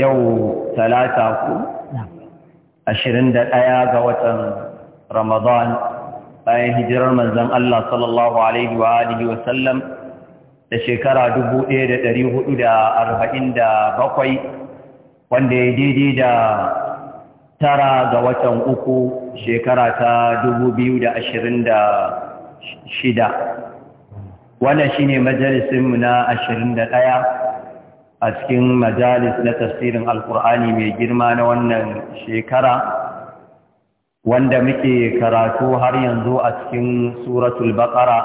yau talata ku ashirin da ɗaya ga watan ramadan bayan hijirar manzan Allah sallallahu Alaihi wa Alihi wasallam da shekara bakwai, wanda ya daidai da tara ga watan uku shekara ta shida. wannan shine majalisinmu na ɗaya. a cikin majalis na tafsirin alkur'ani mai girma na wannan shekara wanda muke karatu har yanzu a cikin suratul baqara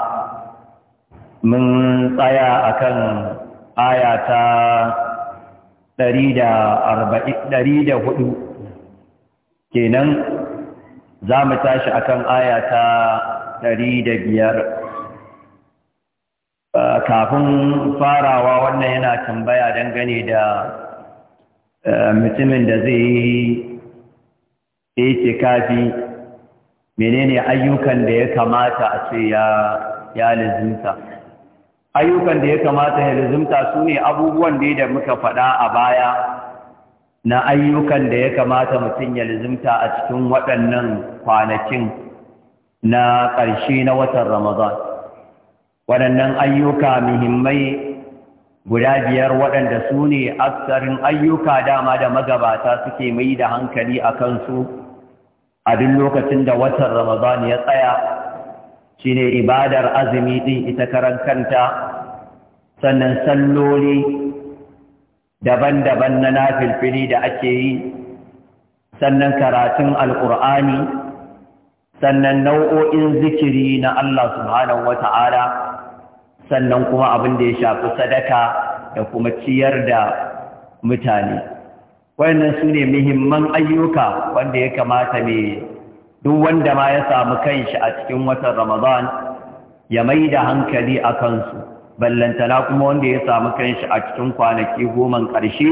mun tsaya akan aya ta 144 kenan za mu tashi akan aya ta biyar. Ah, kafin farawa wannan yana tambaya dangane da eh, mutumin da zai yi kafi. menene ayyukan da ya kamata a ce ya lizimta ayyukan da ya kamata ya lizimta su ne abubuwan da da muka faɗa a baya na ayyukan da ya kamata mutum ya lizimta a cikin waɗannan kwanakin na ƙarshe na watan ramadan waɗannan ayyuka muhimmai guda biyar waɗanda su ne aksarin ayyuka dama da magabata suke mai da hankali a kansu a duk lokacin da watan Ramadan ya tsaya shi ne ibadar azumi ɗin ita karan kanta sannan salloli daban-daban na nafilfili da ake yi sannan karatun Alkur'ani, sannan nau'o'in zikiri na Allah subhanahu wa ta'ala sannan kuma abin da ya shafi sadaka da kuma ciyar da mutane Wannan su ne muhimman ayyuka wanda ya kamata ne duk wanda ma ya samu kanshi a cikin watan ramadan ya mai da hankali a kansu ballantana kuma wanda ya samu kanshi a cikin kwanaki goman ƙarshe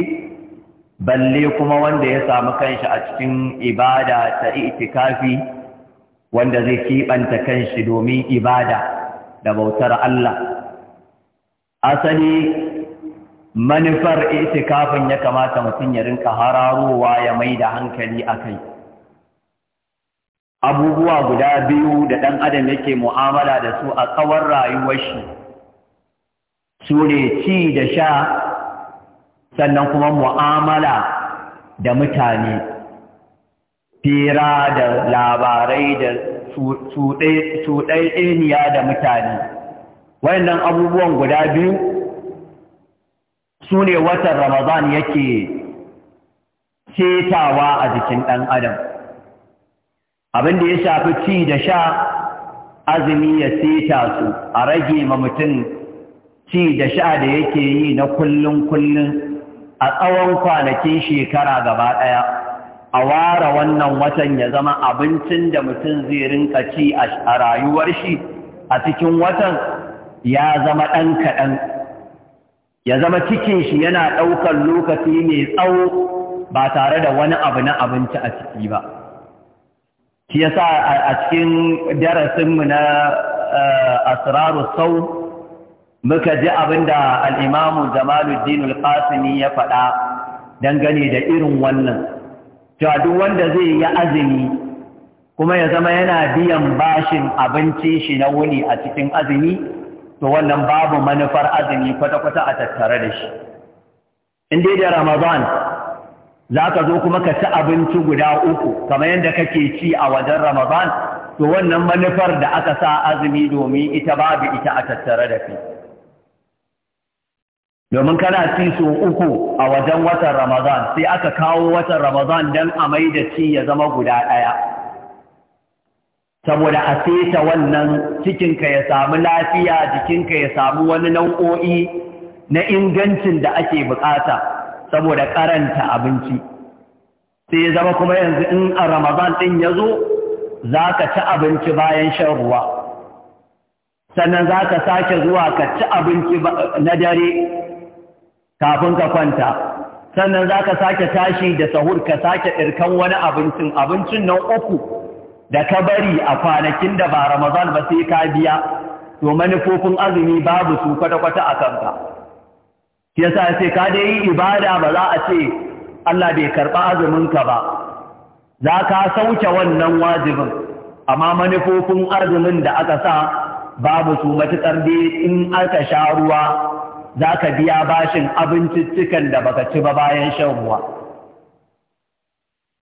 balle kuma wanda ya samu kanshi a cikin ibada ta itikafi wanda zai keɓanta kanshi domin ibada da bautar Allah asali manufar itikafin ya kamata mutum ya rinka hararowa ya mai da hankali a kai abubuwa guda biyu da ɗan adam yake mu'amala da su a tsawon rayuwar shi su ne ci da sha sannan kuma mu'amala da mutane fira da labarai da cuɗaɗɗeniya da mutane wayannan abubuwan guda biyu su ne watan ramadan yake cetawa a jikin ɗan adam abin da ya shafi ci da sha azumi ya seta su a rage ma mutum ci da sha da yake yi na kullum kullum a tsawon kwanakin shekara gaba ɗaya a ware wannan watan ya zama abincin da mutum zai rinka ci a rayuwar shi a cikin watan ya zama ɗan kaɗan ya zama cikin shi yana ɗaukar lokaci mai tsawo ba tare da wani abu na abinci a ciki ba shi sa a cikin darasinmu na eh, asraru sau muka ji abin da al'imamu jamaluddin al ya faɗa dangane da irin wannan cewa duk wanda zai yi azumi kuma ya zama yana biyan bashin abincin shi na wuni a cikin azumi to wannan babu manufar azumi kwata-kwata a tattare da shi in dai da ramadan za ka zo kuma ka ci abinci guda uku kamar yadda kake ci a wajen ramadan to wannan manufar da aka sa azumi domin ita babu ita a tattare da shi. domin kana ci so uku a wajen watan Ramadan sai aka kawo watan Ramadan don a mai da ci ya zama guda ɗaya. saboda a seta wannan cikinka ya samu lafiya jikinka ya samu wani nau'o'i na ingancin da ake bukata saboda karanta abinci sai ya zama kuma yanzu in a ramadan din ya zo za ka ci abinci bayan shan ruwa sannan za ka sake zuwa ka ci abinci na dare kafin ka kwanta sannan za ka sake tashi da sahur ka sake ɗirkan wani abincin abincin nan uku da ka bari a kwanakin da ba Ramazan ba sai ka biya, to manufofin azumi babu su kwata-kwata a kanka. yasa sai ka dai yi ibada ba za a ce Allah bai karɓa azuminka ba, za ka sauke wannan wajibin, amma manufofin azumin da aka sa babu su matuƙar dai in aka sha ruwa za ka biya bashin abinciccikan da baka ci ba bayan shan ruwa.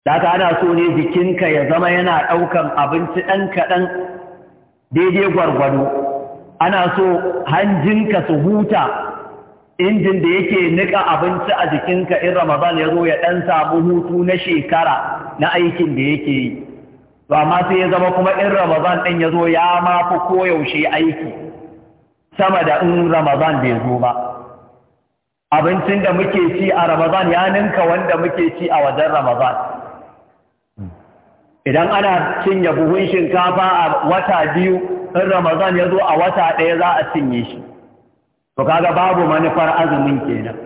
Da ka ana so ne jikinka ya zama yana ɗaukan abinci ɗan kaɗan daidai gwargwado. Ana so hanjinka su huta injin da yake niƙa abinci a jikinka in Ramadan ya zo ya ɗan samu hutu na shekara na aikin da yake yi. To amma sai ya zama kuma in Ramadan ɗin ya zo ya mafi koyaushe aiki sama da in Ramadan bai zo ba. Abincin da muke ci a Ramadan ya ninka wanda muke ci a wajen Ramadan. idan ana cinye buhun shinkafa a wata biyu in ramazan ya zo a wata ɗaya za a cinye shi to kaga babu manufar azumin kenan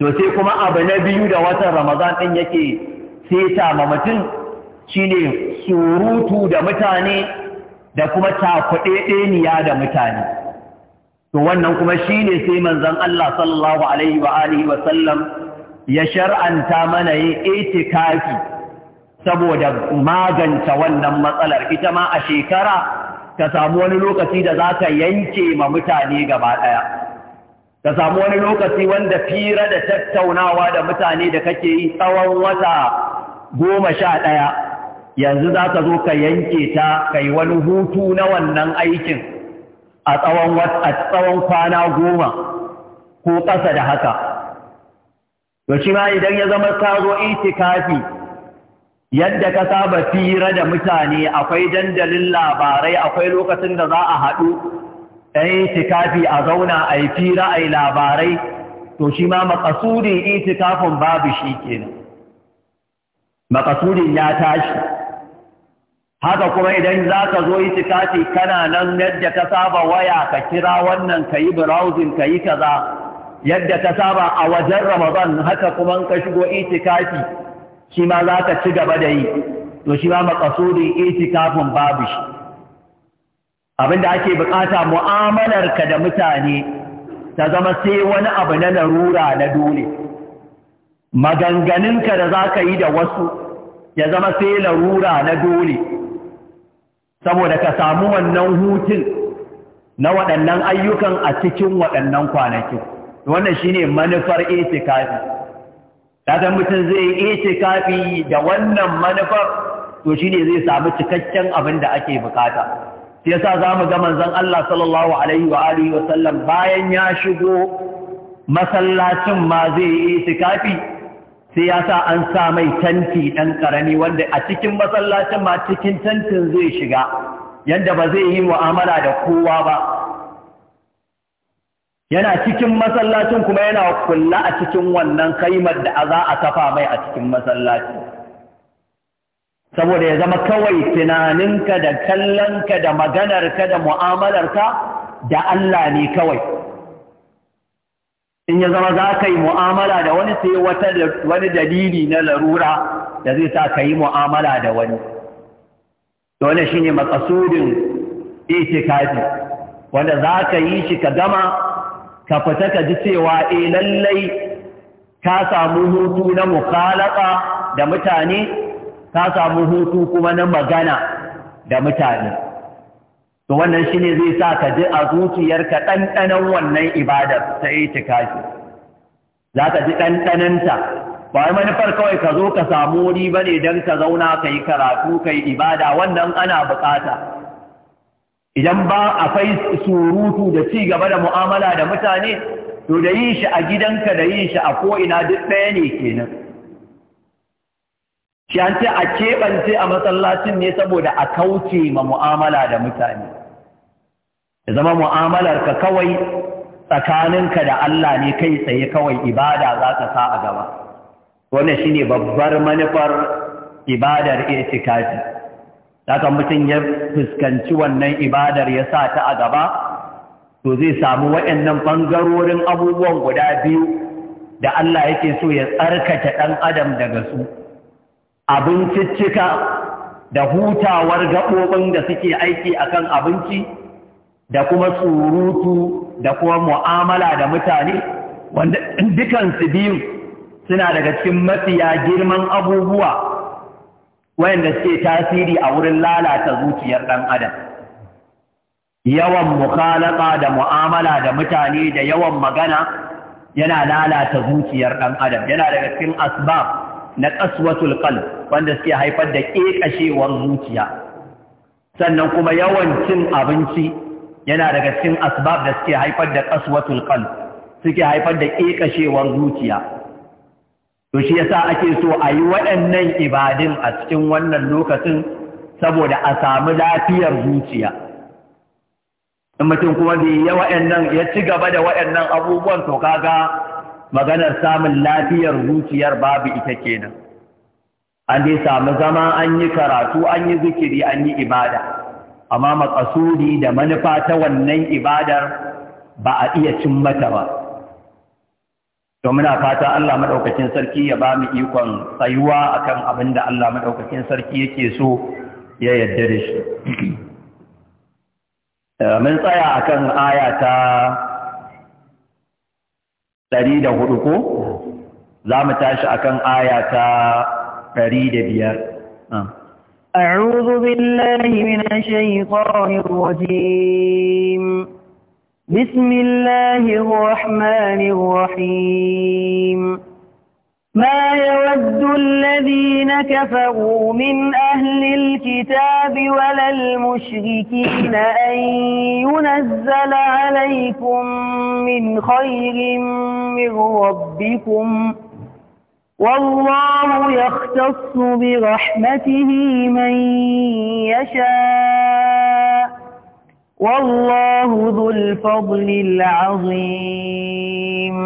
to sai kuma abu na biyu da watan ramazan ɗin yake seta ma mutum shine surutu da mutane da kuma takwaɗeɗeniya da mutane to wannan kuma shine sai manzon Allah sallallahu alaihi wa alihi wa sallam ya shar'anta mana yin itikafi saboda maganta wannan matsalar ita ma a shekara ka samu wani lokaci da za ka yanke ma mutane gaba ɗaya ka samu wani lokaci wanda fira da tattaunawa da mutane da kake yi tsawon wata goma sha ɗaya yanzu za ka zo ka yanke ta ka yi wani hutu na wannan aikin a tsawon kwana goma ko ƙasa da haka. To shi ma idan ya zama ka zo itikafi yadda ka saba fira da mutane akwai dandalin labarai akwai lokacin da za a haɗu ɗan itikafi a zauna a yi fira a yi labarai to shi ma makasudin itikafin babu shi kenan makasudin ya tashi haka kuma idan za ka zo itikafi kana nan yadda ka saba waya ka kira wannan ka yi burauzin ka yi kaza yadda ka saba a wajen ramadan haka kuma ka shigo itikafi shi ma za ka ci gaba da yi to shi ma makasudin itikafin babu shi abinda ake bukata ka da mutane ta zama sai wani abu na larura na dole maganganunka da za ka yi da wasu ya zama sai larura na dole saboda ka samu wannan hutun na waɗannan ayyukan a cikin waɗannan kwanakin wannan shine manufar itikafi kasan mutum zai yi itikafi da wannan manufar to shi ne zai samu cikakken abin da ake bukata sai yasa za mu ga manzon Allah sallallahu alaihi wa alihi bayan ya shigo masallacin ma zai yi itikafi sai ya sa an sa mai tanti ɗan ƙarami wanda a cikin masallacin ma cikin tantin zai shiga yanda ba zai yi mu'amala da kowa ba yana cikin masallacin kuma yana kulla a cikin wannan kaimar da za a kafa mai a cikin masallaci. saboda ya zama kawai tunaninka da kallon ka da maganar ka da mu'amalar ka, da Allah ne kawai in ya zama za ka yi mu'amala da wani sai wata wani dalili na larura da zai sa ka yi mu'amala da wani dole shi ne makasudin itikafi wanda za ka yi shi ka gama ka fita ka ji cewa e lallai ka samu hutu na mukhalaka da mutane ka samu hutu kuma na magana da mutane to wannan shine zai sa ka ji a zuciyar zuciyarka ɗanɗanan wannan ibadar ta itikafi za ka ji ɗanɗanonta ba wai manufar kawai ka zo ka samu wuri bane don ka zauna ka yi karatu ka yi ibada wannan ana buƙata idan ba a fai surutu da ci gaba da mu'amala da mutane to da yin shi a gidanka da yin shi a ko'ina duk ɗaya ne kenan shi an ce a keɓance a masallacin ne saboda a kauce ma mu'amala da mutane da zama mu'amalarka kawai tsakaninka da Allah ne kai tsaye kawai ibada za ka sa a gaba wannan shine babbar manufar ibadar itikafi Kaka mutum ya fuskanci wannan ibadar ya sa ta a gaba to zai samu waɗannan ɓangarorin abubuwan guda biyu da Allah yake so ya tsarkake ɗan adam daga su ciccika da hutawar gaɓoɓin da suke aiki a kan abinci da kuma surutu da kuma mu'amala da mutane wanda dukansu biyu suna daga cikin mafiya girman abubuwa wayanda suke tasiri a wurin lalata zuciyar ɗan adam yawan mukhalaka da mu'amala da mutane da yawan magana yana lalata zuciyar ɗan adam yana daga cikin asbab na qaswatul qalb wanda suke haifar da kekashewar zuciya sannan kuma yawan cin abinci yana daga cikin asbab da suke haifar da qaswatul qalb suke haifar da kekashewar zuciya to shi yasa ake so a yi waɗannan ibadin a cikin wannan lokacin saboda a samu lafiyar zuciya in mutum kuma bai yi waɗannan ya ci gaba da waɗannan abubuwan to kaga maganar samun lafiyar zuciyar babu ita kenan an dai samu zama an yi karatu an yi zikiri an yi ibada amma makasudi da manufa ta wannan ibadar ba a iya cin mata ba to muna fata Allah madaukakin sarki ya ba mu ikon tsayuwa akan abin da Allah madaukakin sarki yake so ya yarda da shi eh, mun tsaya akan aya ta 104 ko za mu tashi akan aya ta 105 أعوذ بالله من الشيطان الرجيم بسم الله الرحمن الرحيم ما يود الذين كفروا من أهل الكتاب ولا المشركين أن ينزل عليكم من خير من ربكم والله يختص برحمته من يشاء والله ذو الفضل العظيم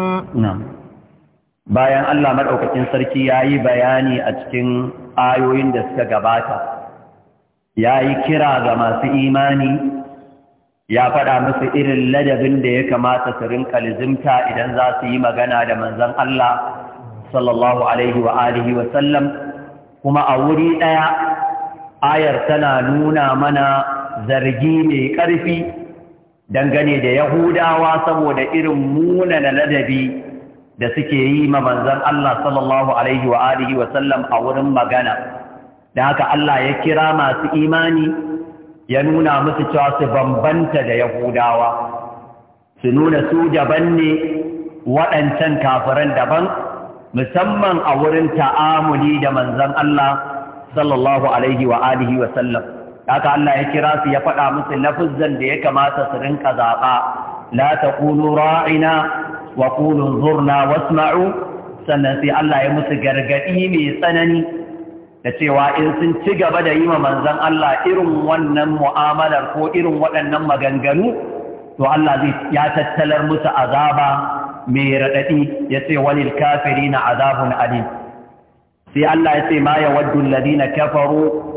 نعم bayan Allah madaukakin sarki yayi bayani a cikin ayoyin da suka gabata yayi kira ga masu imani ya faɗa musu irin ladabin da ya kamata su rinka lizimta idan za su yi magana da manzon Allah sallallahu alaihi wa alihi wa sallam kuma a wuri ɗaya ayar tana nuna mana zargi mai ƙarfi dangane da Yahudawa saboda irin munana ladabi da suke yi ma manzan Allah sallallahu alaihi wa alihi wa sallam a wurin magana da haka Allah ya kira masu imani ya nuna musu cewa su bambanta da Yahudawa su nuna su daban ne waɗancan kafiran daban musamman a wurin ta'amuli da manzan Allah sallallahu alaihi wa alihi wa sallam haka Allah ya kira su ya faɗa musu lafuzzan da ya kamata su rinka zaɓa la kulu ra'ina wa qulu zurna wasma'u sannan sai Allah ya musu gargadi mai tsanani da cewa in sun ci gaba da yi ma manzon Allah irin wannan mu'amalar ko irin waɗannan maganganu to Allah zai ya tattalar musu azaba mai raɗaɗi ya ce walil kafirina azabun alim sai Allah ya ce ma yawaddu alladhina kafaru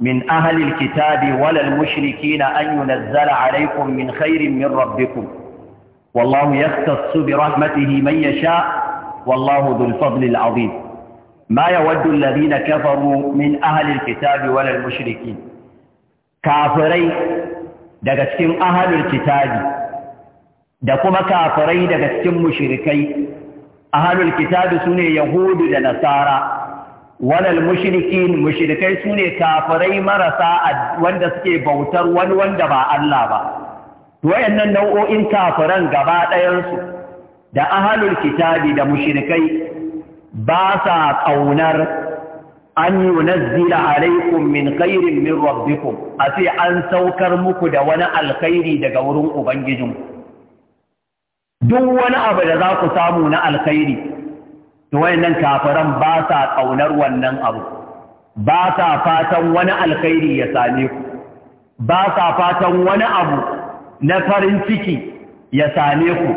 من أهل الكتاب ولا المشركين أن ينزل عليكم من خير من ربكم والله يختص برحمته من يشاء والله ذو الفضل العظيم ما يود الذين كفروا من أهل الكتاب ولا المشركين كافري دكتم أهل الكتاب دكما كافري دكتم مشركي أهل الكتاب سنة يهود لنصارى walal mushrikin mushrikai sune kafirai marasa wanda suke bautar wani wanda ba Allah ba wayannan nau'o'in kafiran gaba ɗayansu da ahlul kitabi da mushrikai ba sa ƙaunar an yunazzila alaikum min khairin min rabbikum a ce an saukar muku da wani alkhairi daga wurin ubangijinku duk wani abu da za ku samu na alkhairi to wayannan kafiran ba sa kaunar wannan abu ba sa fatan wani alkhairi ya same ku ba sa fatan wani abu na farin ciki ya same ku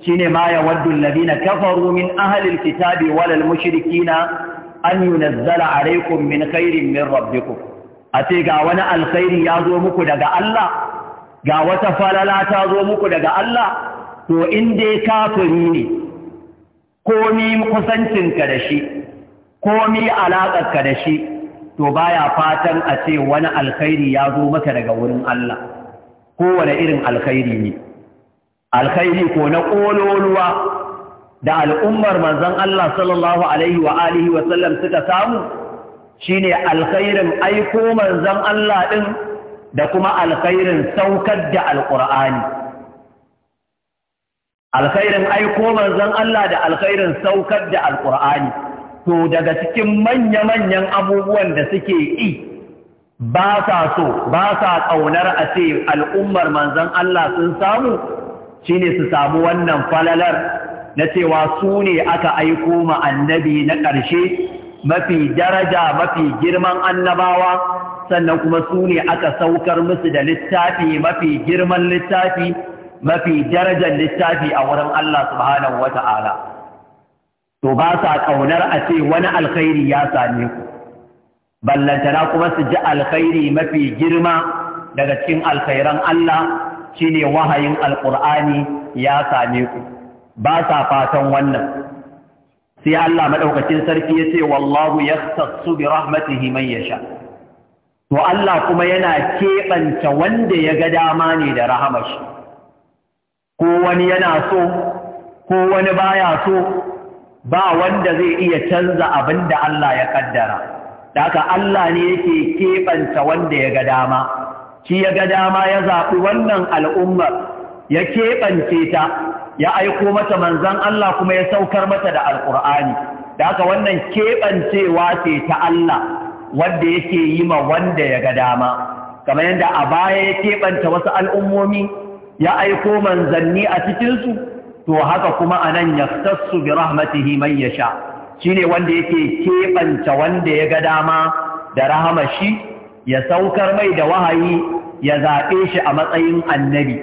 shine ma ya waddu alladhina kafaru min ahli alkitabi wal mushrikina an yunazzala alaykum min khairin min rabbikum ace ga wani alkhairi ya zo muku daga Allah ga wata falala ta zo muku daga Allah to in dai kafiri ne komi kusancinka da shi komi alaƙarka da shi to baya fatan a ce wani alkhairi ya zo maka daga wurin Allah kowane irin alkhairi ne alkhairi ko na ƙololuwa da al'ummar manzon Allah sallallahu alaihi wa alihi wa sallam suka samu shine alkhairin aiko manzon Allah ɗin, da kuma alkhairin saukar da alqur'ani alkhairin aiko manzon Allah da alkhairin saukar da alkur'ani to daga cikin manya-manyan abubuwan da suke yi ba sa so ba sa ƙaunar a ce al'ummar manzon Allah sun samu shine su samu wannan falalar na cewa su ne aka aiko ma annabi na ƙarshe mafi daraja mafi girman annabawa sannan kuma su ne aka saukar musu da littafi mafi girman littafi mafi darajar littafi a wurin Allah subhanahu wata'ala to ba sa kaunar a ce wani alkhairi ya same ku ballantana kuma su ji alkhairi mafi girma daga cikin alkhairan Allah shine wahayin Alkur'ani ya same ku ba sa fatan wannan sai Allah madaukakin sarki ya ce wallahu yahtassu bi rahmatihi man yasha to Allah kuma yana keɓanta wanda ya ga dama ne da rahamashi ko wani yana so ko wani baya so ba wanda zai iya canza abin da Allah ya kaddara da haka Allah ne yake keɓanta wanda ya ga dama shi ya ga dama ya zaɓi wannan al'ummar ya keɓance ta ya aiko mata manzan Allah kuma ya saukar mata da Alkur'ani. da haka wannan keɓancewa ce ta Allah wanda yake yi ma wanda ya ga dama kamar yadda a baya ya keɓanta wasu al'ummomi ya aiko manzanni a cikinsu to haka kuma anan yaftassu bi rahmatihi man Shi ne wanda yake kebanta wanda ya ga dama da rahama shi ya saukar mai da wahayi ya zaɓe shi a matsayin annabi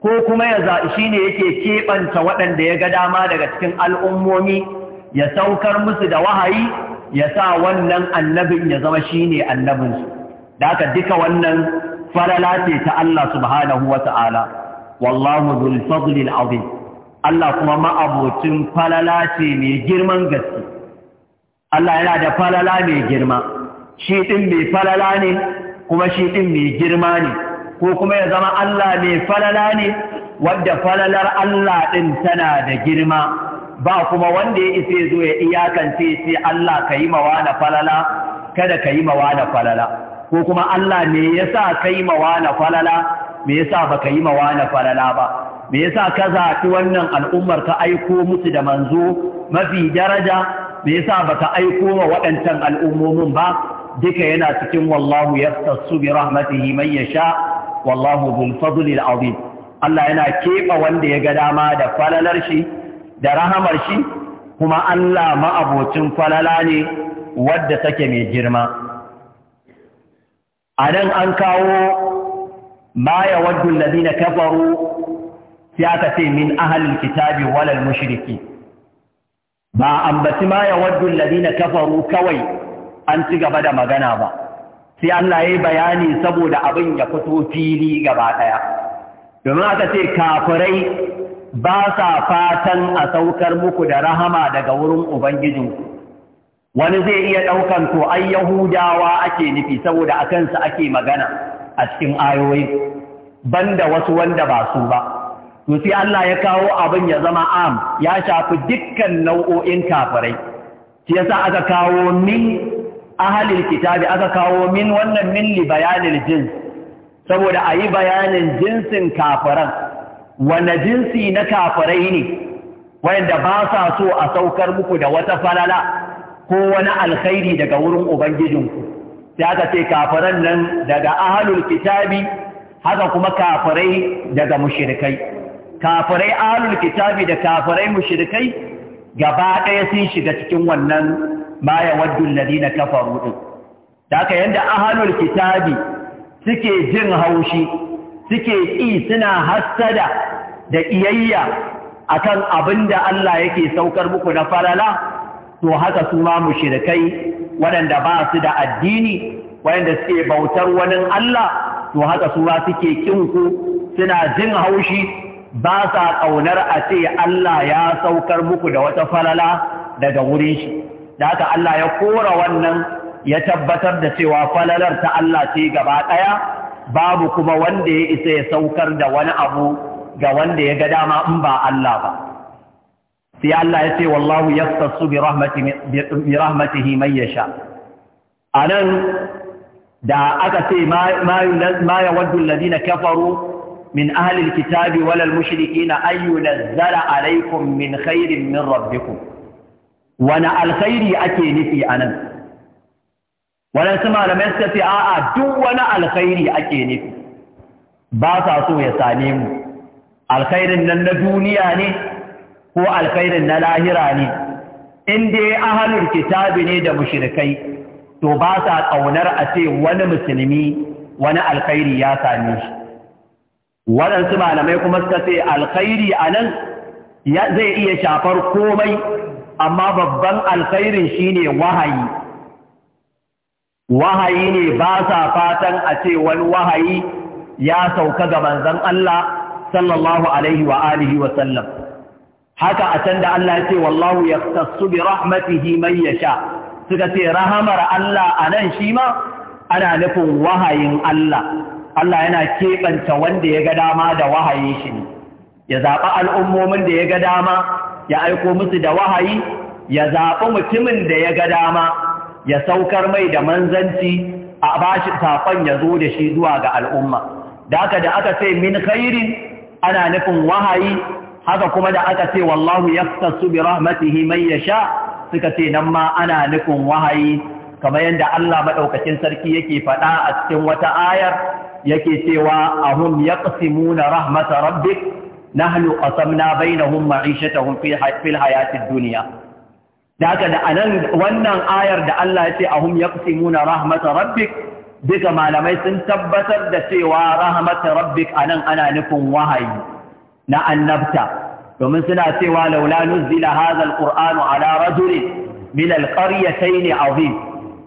ko kuma ya za shine yake kebanta waɗanda ya ga dama daga cikin al'ummomi ya saukar musu da wahayi ya sa wannan annabin ya zama shine annabinsu da haka duka wannan falala ce ta Allah subhanahu wa ta'ala wallahu dhul fadlil al-azim Allah kuma ma'abocin falala ce mai girman gaske Allah yana da falala mai girma shi din mai falala ne kuma shi din mai girma ne ko kuma ya zama Allah mai falala ne wadda falalar Allah din tana da girma ba kuma wanda ya isa zo ya iyakance sai Allah ka yi mawa na falala kada ka yi mawa na falala ko kuma Allah ne yasa ka yi mawa na falala me yasa baka yi na falala ba me yasa ka zaɓi wannan al'ummar ka aiko musu da manzo mafi daraja me yasa baka aiko wa waɗancan al'ummomin ba duka yana cikin wallahu yastassu bi rahmatihi man yasha wallahu dhul fadli azim Allah yana keɓa wanda ya ga dama da falalar shi da rahamar shi kuma Allah ma'abocin falala ne wadda take mai girma a nan an kawo ma ya waddu alladhina kafaru sai aka ce min ahalin kitabi walal mushriki ba ambaci ma ya waddu alladhina kafaru kawai an ci gaba da magana ba sai Allah ya yi bayani saboda abin ya fito fili gaba daya domin aka ce kafirai ba sa fatan a saukar muku da rahama daga wurin ubangijinku wani zai iya ɗaukan to ai yahudawa ake nufi saboda a kansa ake magana a cikin ayoyi banda wasu wanda ba su ba to sai Allah ya kawo abin ya zama am ya shafi dukkan nau'o'in kafirai shi yasa aka kawo min ahalil kitabi aka kawo min wannan min li bayanil jins saboda ayi bayanin jinsin kafiran wanne jinsi na kafirai ne wanda ba sa so a saukar muku da wata falala ko wani alkhairi daga wurin ubangijinku sai aka ce kafiran nan daga ahalul kitabi haka kuma kafirai daga mushirikai kafirai ahalul kitabi da kafirai mushirikai gaba ɗaya sun shiga cikin wannan ma ya waddu alladhina kafaru din haka yanda ahalul kitabi suke jin haushi suke ƙi suna hassada da iyayya akan abinda Allah yake saukar muku na falala to haka su ma mushirikai waɗanda ba su da addini waɗanda suke bautar wani Allah to haka su ma suke kinku suna jin haushi ba sa ƙaunar a ce Allah ya saukar muku da wata falala daga wurin shi da haka Allah ya kora wannan ya tabbatar da cewa falalar ta Allah ce gaba ɗaya babu kuma wanda ya isa ya saukar da wani abu ga wanda ya ga dama in ba Allah ba sai Allah ya ce wallahu yastassu bi rahmatihi man yasha anan da aka ce ma yawaddu alladhina kafaru min ahli alkitabi wal mushrikina ay yunzala alaykum min khairin min rabbikum wana alkhairi ake nufi anan wannan su malamai suka a'a duk wani alkhairi ake nufi ba sa so ya same mu alkhairin nan na duniya ne ko alkhairin na lahira ne in dai ahalul kitabi ne da mushirikai, to ba sa kaunar a ce wani musulmi wani alkhairi ya same shi waɗansu malamai kuma suka ce alkhairi a nan zai iya shafar komai amma babban alkhairin shine wahayi wahayi ne ba sa fatan a ce wani wahayi ya sauka ga manzon Allah sallallahu alaihi wa'alihi wa sallam haka a can da Allah ya ce wallahu yaqtasu bi rahmatihi man yasha suka ce rahamar Allah anan shi ma ana nufin wahayin Allah Allah yana keɓanta wanda ya ga dama da wahayin shi ne ya zaɓi al'ummomin da ya ga dama ya aiko musu da wahayi ya zaɓi mutumin da ya ga dama ya saukar mai da manzanci a bashi saƙon ya zo da shi zuwa ga al'umma da aka da aka ce min khairin ana nufin wahayi haka kuma da aka ce wallahu yaftasu bi rahmatihi man yasha suka ce nan ma ana nufin wahayi kamar yadda Allah madaukakin sarki yake faɗa a cikin wata ayar yake cewa ahum yaqsimuna rahmata rabbik nahnu qasamna bainahum ma'ishatahum fi fil hayatid dunya da da anan wannan ayar da Allah ya ce ahum yaqsimuna rahmata rabbik duka malamai sun tabbatar da cewa rahmat rabbik anan ana nufin wahayi na annabta domin suna cewa laula nuzila hadha alqur'anu ala rajulin min alqaryatayn azim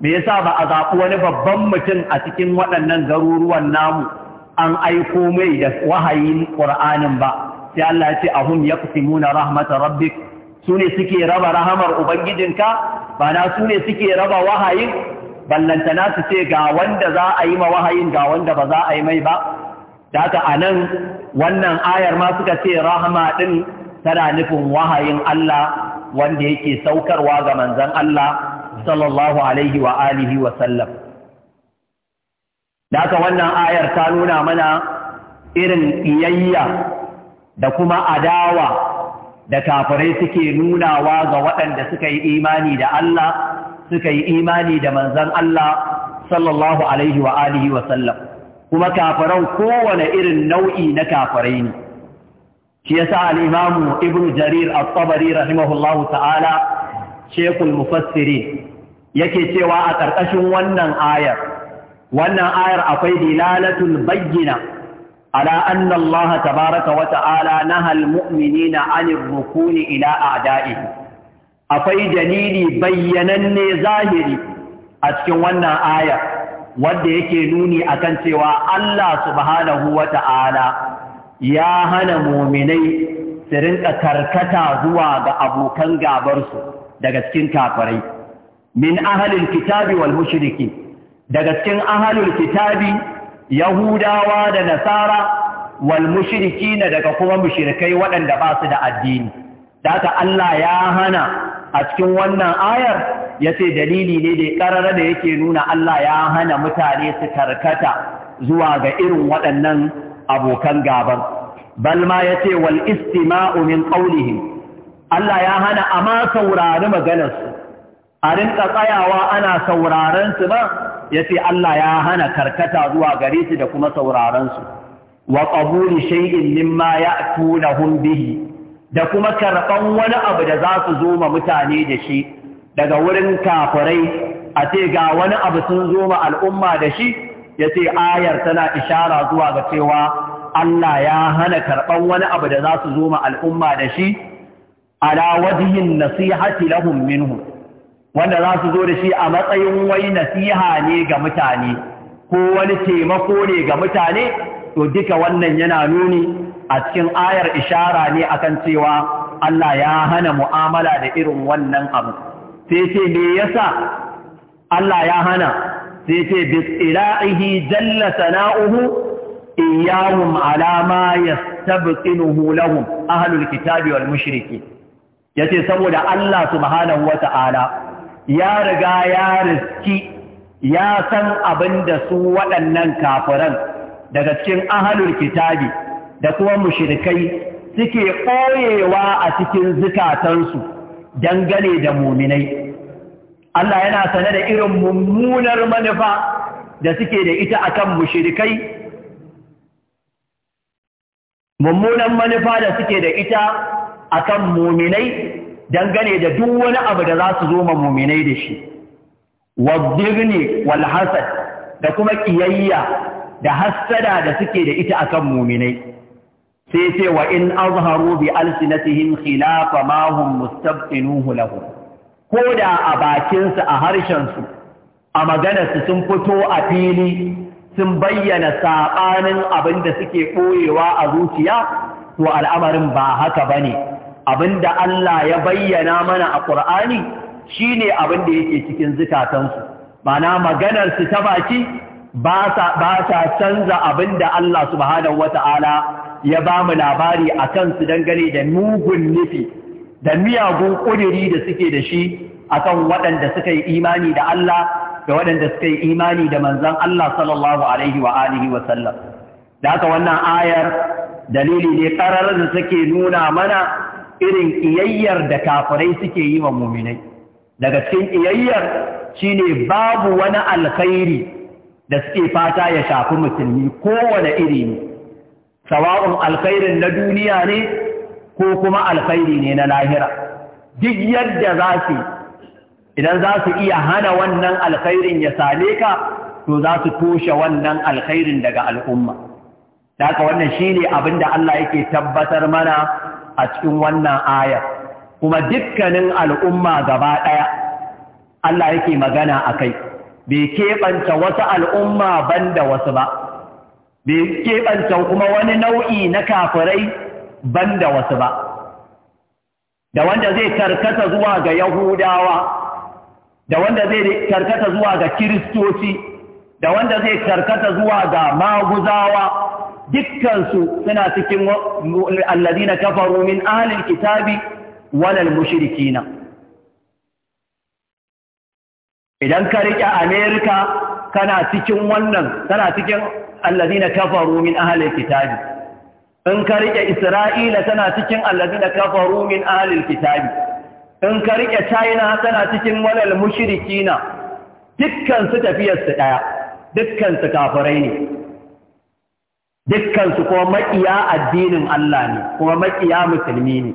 me yasa ba a zaɓi wani babban mutum a cikin waɗannan garuruwan namu an aiko mai da wahayin qur'anin ba sai Allah ya ce ahum yaqsimuna rahmatar rabbik sune suke raba rahamar ubangijinka ba na sune suke raba wahayin ballantana su ce ga wanda za a yi ma wahayin ga wanda ba za a yi mai ba da a nan wannan ayar ma suka ce rahama ɗin tana nufin wahayin Allah wanda yake saukarwa ga manzan Allah sallallahu alaihi wa alihi wa sallam da wannan ayar ta nuna mana irin iyayya da kuma adawa da kafirai suke nunawa ga waɗanda suka yi imani da Allah suka yi imani da manzan Allah sallallahu alaihi wa alihi wa sallam kuma kafaran kowane irin nau'i na kafarai ne shi yasa al-imamu ibnu jarir a tabari rahimahullahu ta'ala shekul mufassiri yake cewa a ƙarƙashin wannan ayar wannan ayar akwai dilalatul bayyina ala anna Allah tabaraka wa ta'ala na mu'minina anin rukuni ila ada'i akwai dalili bayyananne zahiri a cikin wannan ayar wanda yake nuni akan cewa Allah subhanahu wa ta'ala ya hana muminai su rinka karkata zuwa ga abokan gabarsu daga cikin kafirai min ahalin kitabi wal mushriki daga cikin ahalul kitabi yahudawa da nasara wal mushriki daga kuma mushrikai waɗanda ba su da addini daga Allah ya hana a cikin wannan ayar ya ce dalili ne da ƙarara da yake nuna Allah ya hana mutane su karkata zuwa ga irin waɗannan abokan gaban. Balma ya ce wal istima'u min ƙaunihim, Allah ya hana a ma saurari maganarsu, a rinka tsayawa ana saurarensu ba, ya ce Allah ya hana karkata zuwa gare su da kuma saurarensu. Wa ƙabuli shay'in mimma ya tunahun bihi. da kuma karɓan wani abu da za su zo ma mutane da shi daga wurin kafirai a ce ga wani abu sun zo ma al'umma da shi ya ce ayar tana ishara zuwa ga cewa Allah ya hana karɓan wani abu da za su zo ma al'umma da shi ala wajihin nasihati lahum minhu wanda za su zo da shi a matsayin wai nasiha ne ga mutane ko wani taimako ne ga mutane to duka wannan yana nuni a cikin ayar ishara ne akan cewa Allah ya hana mu'amala da irin wannan abu sai ce me yasa Allah ya hana sai ce bis jalla sana'uhu iyyahum ala ma yastabqinuhu lahum ahlul kitabi wal mushriki yace saboda Allah subhanahu wata'ala ya riga ya riski ya san abin da su waɗannan kafiran daga cikin ahlul kitabi da kuma mushirikai suke ɓoyewa a cikin zukatansu dangane da muminai. Allah yana sane da irin mummunar manufa da suke da ita akan mushirikai, mummunan manufa da suke da ita akan muminai dangane da duk wani abu da za su zo ma muminai da shi. Wadzirni wal hasad da kuma ƙiyayya da hassada da suke da ita akan muminai. sai ce wa in azharu bi alsinatihim khilafa ma hum mustabtinuhu lahu ko da a bakinsu a su a maganarsu sun fito a fili sun bayyana saɓanin abin da suke ɓoyewa a zuciya to al'amarin ba haka ba ne abin da Allah ya bayyana mana a ƙur'ani shi ne abin da yake cikin zukatansu mana maganarsu ta baki ba sa canza abin da Allah subhanahu wata'ala ya ba mu labari a kansu dangane da mugun nufi da miyagun ƙudiri da suke da shi a kan waɗanda suka yi imani da Allah da waɗanda suka yi imani da manzan Allah sallallahu Alaihi wa alihi Sallam. Da haka wannan ayar dalili ne ƙarar da suke nuna mana irin iyayyar da kafirai suke yi wa muminai. Daga cikin iyayyar shine babu wani alkhairi da suke fata ya shafi musulmi kowane iri ne. sawa'un alkhairin na duniya ne ko kuma alkhairi ne na lahira duk yadda za su idan za su iya hana wannan alkhairin ya same ka to za su toshe wannan alkhairin daga al'umma daga wannan shine abin da Allah yake tabbatar mana a cikin wannan aya kuma dukkanin al'umma gaba ɗaya Allah yake magana a kai bai keɓanta wasu al'umma banda wasu ba bai keɓanta kuma wani nau'i na kafirai banda wasu ba da wanda zai karkata zuwa ga yahudawa da wanda zai karkata zuwa ga kiristoci da wanda zai karkata zuwa ga maguzawa dukkansu suna cikin alladina kafaru min ahlil kitabi walal mushirikina idan ka rike amerika kana cikin wannan kana cikin allazina kafaru min ahli kitabi in ka rike isra'ila tana cikin allazina kafaru min ahli kitabi in ka rike china tana cikin walal mushrikina dukkan su tafiyar su daya dukkan su kafirai ne dukkan su kuma makiya addinin Allah ne kuma makiya musulmi ne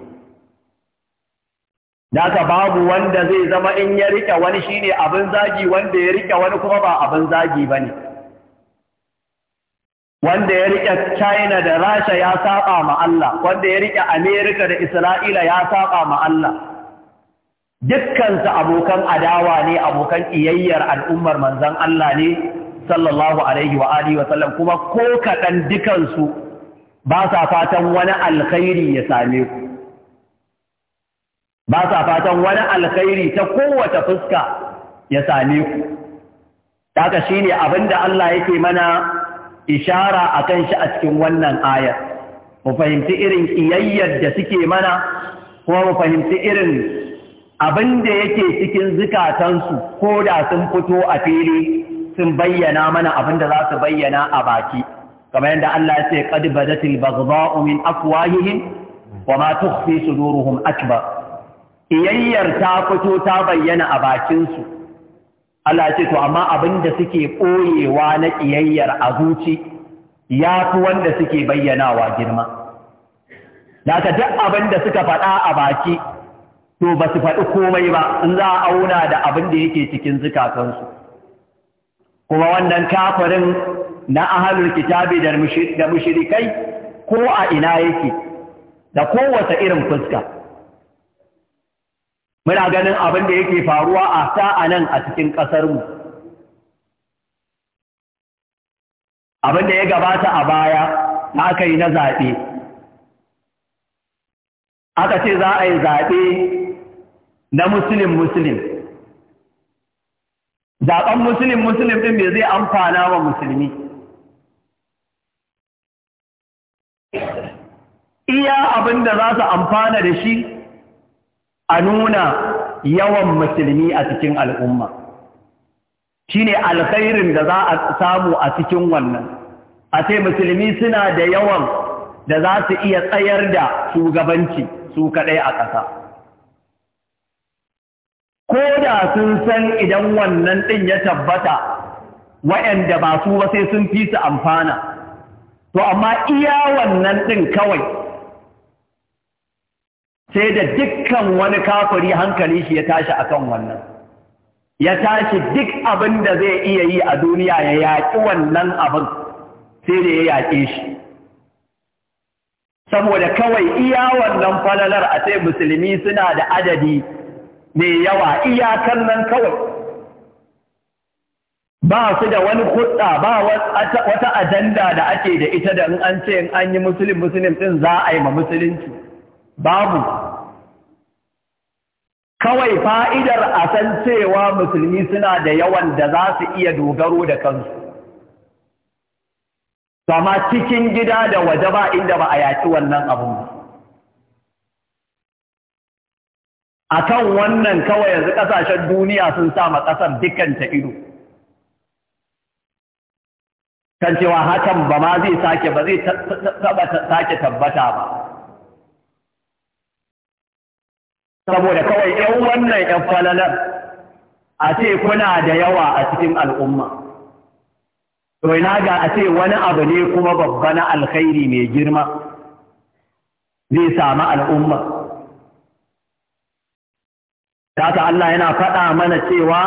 Daga babu wanda zai zama in ya rike wani shine abin zagi wanda ya riƙe wani kuma ba abin zagi ba ne. Wanda ya riƙe China da Rasha ya saba ma Allah, wanda ya riƙe Amerika da Isra'ila ya saba ma Allah. Dukkansu abokan adawa ne, abokan iyayyar al'ummar manzan Allah ne, sallallahu Alaihi wa wasallam, kuma ko kaɗan dukansu ba sa fatan wani alkhairi ya same ku. ba sa fatan wani alkhairi ta kowace fuska ya same ku haka shine abinda Allah yake mana ishara akan shi a cikin wannan ayar mu fahimci irin iyayyar da suke mana kuma mu fahimci irin abinda yake cikin zukatansu ko da sun fito a fili sun bayyana mana abinda za su bayyana a baki kamar yadda Allah ya ce qad badatil baghdha'u min afwahihim wa ma tukhfi suduruhum akbar iyayyar ta fito ta bayyana a bakinsu Allah ce to amma abin da suke ɓoyewa na iyayyar a zuci ya fi wanda suke bayyanawa girma daga duk abin da suka faɗa a baki to ba su faɗi komai ba in za a auna da abin da yake cikin zukatansu kuma wannan kafirin na ahalul kitabi da mushirikai ko a ina yake da kowace irin fuska muna ganin abin da yake faruwa a sa'a nan a cikin ƙasarmu abin da ya gabata a baya da aka yi na zaɓe aka ce za a yi zaɓe na musulun-musulun zaɓen musulun-musulun ɗin me zai amfana wa musulmi iya abin da za su amfana da shi a nuna yawan musulmi a cikin al'umma shi ne alkhairin da za a samu a cikin wannan a ce musulmi suna da yawan da za su iya tsayar da shugabanci su kaɗai a ƙasa ko da sun san idan wannan ɗin ya tabbata waɗanda ba su ba sai sun fi su amfana to amma iya wannan ɗin kawai sai da dukkan wani kafiri hankali shi ya tashi akan wannan ya tashi duk abin da zai iya yi a duniya ya yaƙi wannan abin sai da ya yaƙe shi saboda kawai iya wannan falalar a sai musulmi suna da adadi mai yawa iyakan nan kawai ba su da wani kuɗa, ba wata ajanda da ake da ita da in an ce in an yi musulun musulun ɗin za a yi ma musulunci babu kawai fa'idar a san cewa musulmi suna da yawan da za su iya dogaro da kansu sama cikin gida da waje ba inda ba a yaki wannan abun a kan wannan kawai yanzu ƙasashen duniya sun sama ƙasar dukkan ta ido kan cewa hakan ba ma zai sake ba zai sake tabbata ba saboda kawai ‘yan wannan ‘yan falalar a ce kuna da yawa a cikin al'umma. To ina ga a ce wani abu ne kuma babba na alkhairi mai girma zai sami al'umma. Tata Allah yana faɗa mana cewa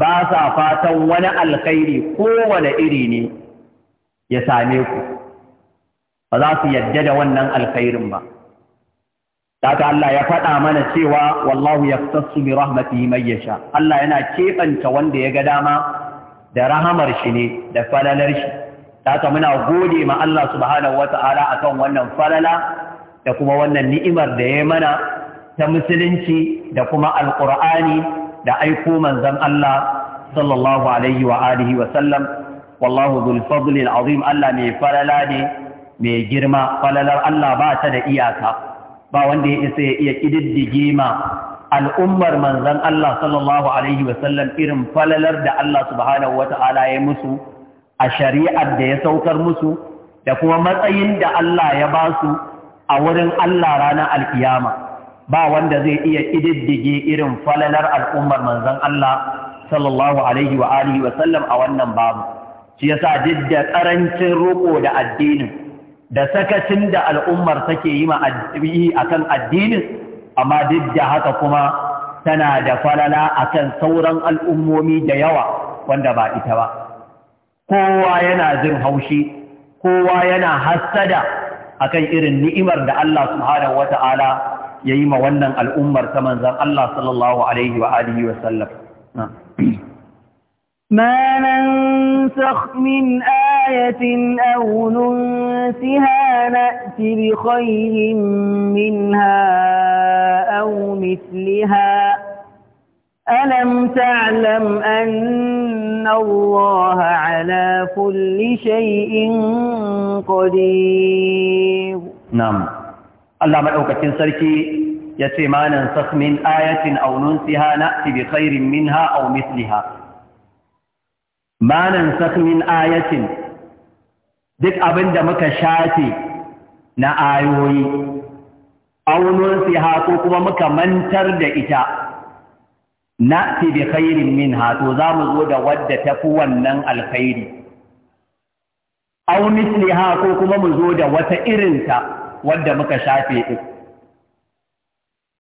ba sa fatan wani alkhairi kowane iri ne ya same ku, ba za su yadda da wannan alkhairin ba. Data Allah ya faɗa mana cewa wallahu yaftassu bi rahmatihi man yasha. Allah yana keɓanta wanda ya ga dama da rahamar shi ne da falalar shi. Data muna gode ma Allah subhanahu wata'ala akan wannan falala da kuma wannan ni'imar da ya mana ta musulunci da kuma alqur'ani da aiko manzon Allah sallallahu alaihi wa alihi wa sallam wallahu dhul fadli al-azim Allah mai falala ne mai girma falalar Allah ba ta da iyaka. ba wanda ya isa ya iya ƙididdige ma al'ummar manzan Allah sallallahu Alaihi wasallam irin falalar da Allah subhanahu wa ta'ala ya musu a shari'ar da ya saukar musu da kuma matsayin da Allah ya ba su a wurin Allah ranar alkiyama ba wanda zai iya ƙididdige irin falalar al'ummar manzan Allah sallallahu Alaihi wasallam a wannan babu shi yasa duk da ƙarancin roƙo da addinin da sakacin da al'ummar take yi a kan addinin amma duk da haka kuma tana da falala a kan sauran al'ummomi da yawa wanda ba ita ba kowa yana jin haushi kowa yana hassada a kan irin ni'imar da Allah subhanahu wa ta'ala ya yi ma wannan al'ummar ta manzan Allah sallallahu Alaihi wa Alihi wasallam. Ma nan min آية أو ننسها نأت بخير منها أو مثلها ألم تعلم أن الله على كل شيء قدير نعم الله مدعوكتين سركي يتي ما ننسخ من آية أو ننسها نأتي بخير منها أو مثلها ما ننسخ من آية duk abin da muka shafe na ayoyi aunin siha ko kuma muka mantar da ita na bi khairin min hato za mu zo da wadda ta fi wannan alkhairi aunis siha ko kuma mu zo da wata irinta wadda muka shafe ɗin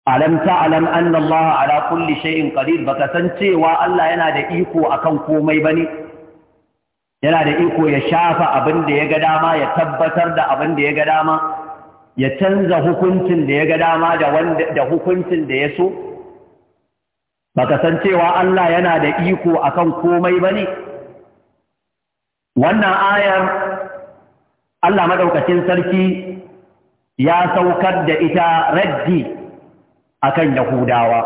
alam ta'lam anna Allah ala kulli shay'in qadir baka san cewa Allah yana da iko akan komai bane yana da iko ya shafa abin da ya ga dama ya tabbatar da abin da ya ga dama ya canza hukuncin da ya ga dama da hukuncin da ya so baka san cewa Allah yana da iko akan komai bane wannan ayar Allah madaukakin sarki ya saukar da ita raddi akan yahudawa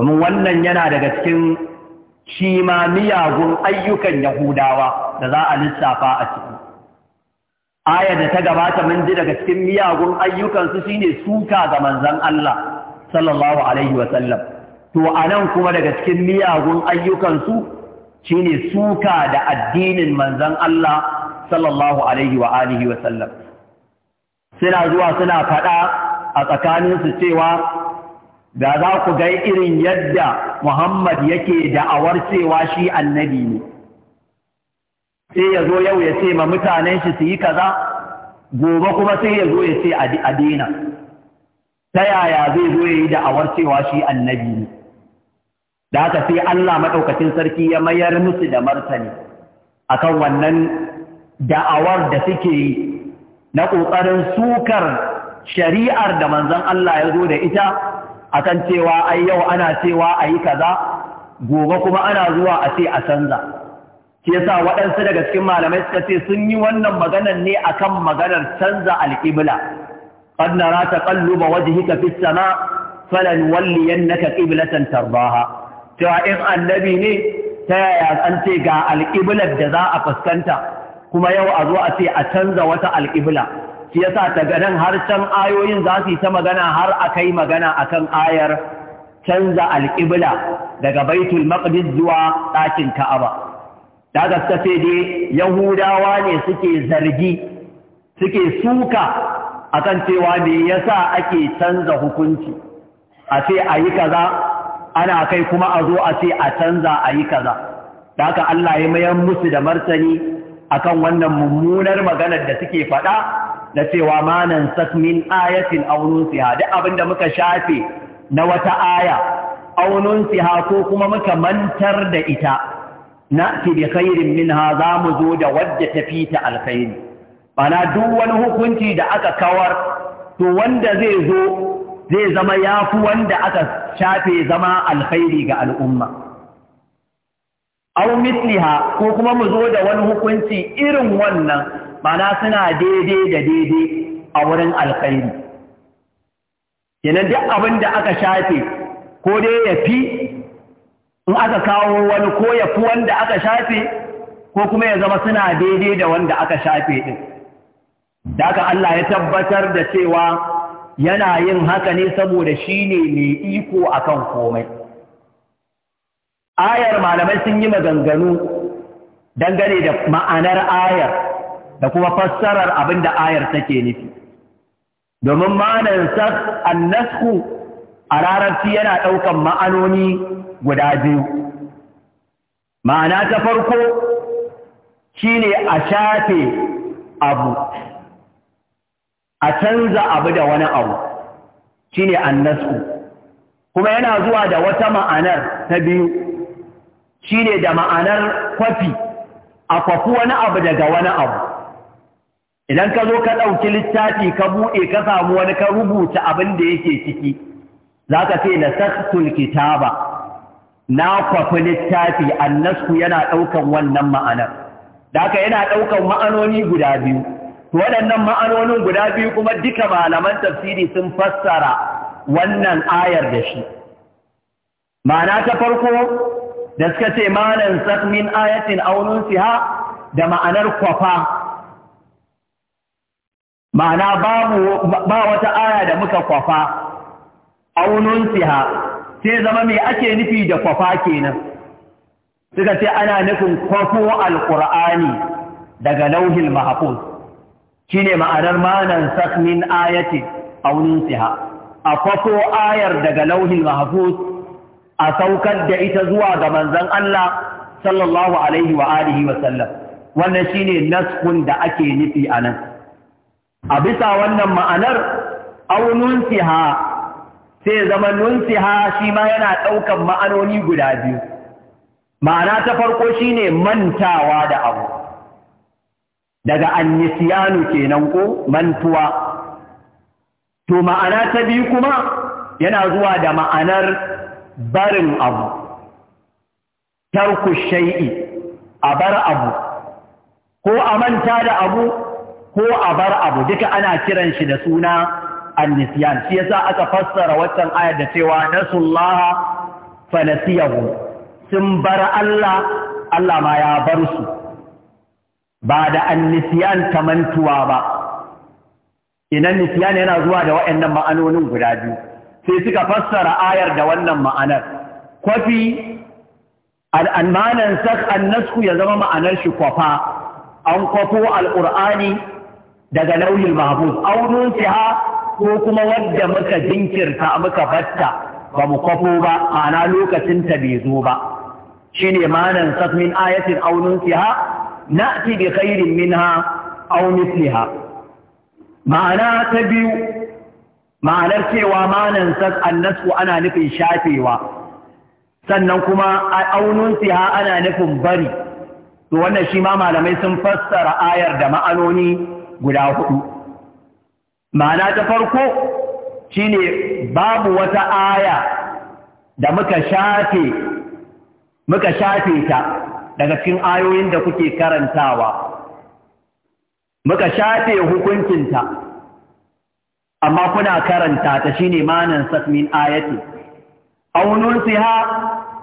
domin wannan yana daga cikin shi ma miyagun ayyukan Yahudawa da za a lissafa a ciki. Aya da ta gabata mun ji daga cikin miyagun ayyukansu shi ne suka ga manzan Allah, sallallahu Alaihi wasallam. To, a nan kuma daga cikin miyagun ayyukansu shi ne suka da addinin manzan Allah, sallallahu Alaihi wa alihi wasallam. Suna zuwa suna faɗa a tsakaninsu cewa da za ku ga irin yadda Muhammad yake da'awar cewa shi annabi ne sai ya zo yau ya ce ma mutanen shi su yi kaza gobe kuma sai ya zo ya ce a daina ta yaya zai zo ya yi da'awar cewa shi annabi ne da haka sai Allah maɗaukacin sarki ya mayar musu da martani akan wannan da'awar da suke yi na ƙoƙarin sukar shari'ar da manzon Allah ya zo da ita akan cewa ai yau ana cewa ayi kaza gobe kuma ana zuwa a ce a canza shi yasa waɗansu daga cikin malamai suka ce sun yi wannan maganar ne akan maganar canza alƙibla qad nara taqalluba wajhika fis sama falan walliyannaka qiblatan tarbaha cewa in annabi ne ta yaya an ce ga alƙiblar da za a fuskanta kuma yau a zo a ce a canza wata alƙibla shi yasa ta ganin har can ayoyin za su yi ta magana har akai kai magana akan ayar canza alƙibla daga baitul maqdis zuwa ɗakin ka'aba ta gaske sai dai yahudawa ne suke zargi suke suka akan cewa me yasa ake canza hukunci a ce a yi kaza ana kai kuma a zo a ce a canza a yi kaza da haka Allah ya mayar musu da martani akan wannan mummunar maganar da suke faɗa na cewa ma nan min ayatin aunun siha duk abinda muka shafe na wata aya aunun siha ko kuma muka mantar da ita na bi khairin minha za mu zo da wadda ta ta alkhairi bana duk wani hukunci da aka kawar to wanda zai zo zai zama yafi wanda aka shafe zama alkhairi ga al'umma aw misliha ko kuma mu zo da wani hukunci irin wannan mana suna daidai da daidai a wurin alkhairi kenan duk abin da aka shafe ko dai ya fi in aka kawo wani ko ya fi wanda aka shafe ko kuma ya zama suna daidai da wanda aka shafe ɗin da aka Allah ya tabbatar da cewa yana yin haka ne saboda shi ne mai iko akan komai ayar malamai sun yi maganganu dangane da ma'anar ayar da kuma fassarar abin da ayar take nufi domin ma'anar annasku a larabci yana ɗaukan ma'anoni guda biyu ma'ana ta farko shine a shafe abu a canza abu da wani abu shine annasku kuma yana zuwa da wata ma'anar ta biyu shine da ma'anar kwafi a kwafi wani abu daga wani abu idan ka zo ka ɗauki littafi ka buɗe ka samu wani ka rubuta abin da yake ciki za ka ce na sassun kitaba na kwafi littafi annasku yana ɗaukan wannan ma'anar da haka yana ɗaukan ma'anoni guda biyu to waɗannan ma'anonin guda biyu kuma duka malaman tafsiri sun fassara wannan ayar da shi ma'ana ta farko da suka ce ma'anar min ayatin aunin siha da ma'anar kwafa ma'ana ba wata aya da muka kwafa aunun siha sai zama mai ake nufi da kwafa kenan suka ce ana nufin kwafo alkur'ani daga lauhin mahafuz ne ma'anar manan sakmin ayatin aunun siha a kwafo ayar daga lauhin mahafuz a saukar da ita zuwa ga manzon Allah sallallahu alaihi wa alihi shine naskun da ake nufi anan a bisa wannan ma'anar aunun siha sai zama nunsiha shi ma yana ɗaukan ma'anoni guda biyu ma'ana ta farko shine mantawa da abu daga annisiyanu kenan ko mantuwa to ma'ana ta biyu kuma yana zuwa da ma'anar barin abu tarku a bar abu ko a manta da abu ko a bar abu duka ana kiran shi da suna annisiyan shi yasa aka fassara waccan ayar da cewa nasullaha fa sun bar Allah Allah ma ya bar su ba da annisiyan tamantuwa ba inan nisiyan yana zuwa da waɗannan ma'anonin guda biyu sai suka fassara ayar da wannan ma'anar kwafi al'anmanan sak annasku ya zama ma'anar shi kwafa an kwafo al'ur'ani daga lauyin mahfuz aunun siha ko kuma wadda muka jinkirta muka batta ba mu kwafo ba ana lokacin ta bai zo ba ne manan min ayatin aunun siha na'ti bi khairin minha aw mithliha ma'ana ta biyu ma'anar cewa manan sas annasu ana nufin shafewa sannan kuma aunun siha ana nufin bari to wannan shi ma malamai sun fassara ayar da ma'anoni guda hudu ma'ana ta farko shine babu wata aya da muka shafe muka shafe ta daga cikin ayoyin da kuke karantawa muka shafe hukuncinta amma kuna karanta ta shine manan satmin ayati aw nunsiha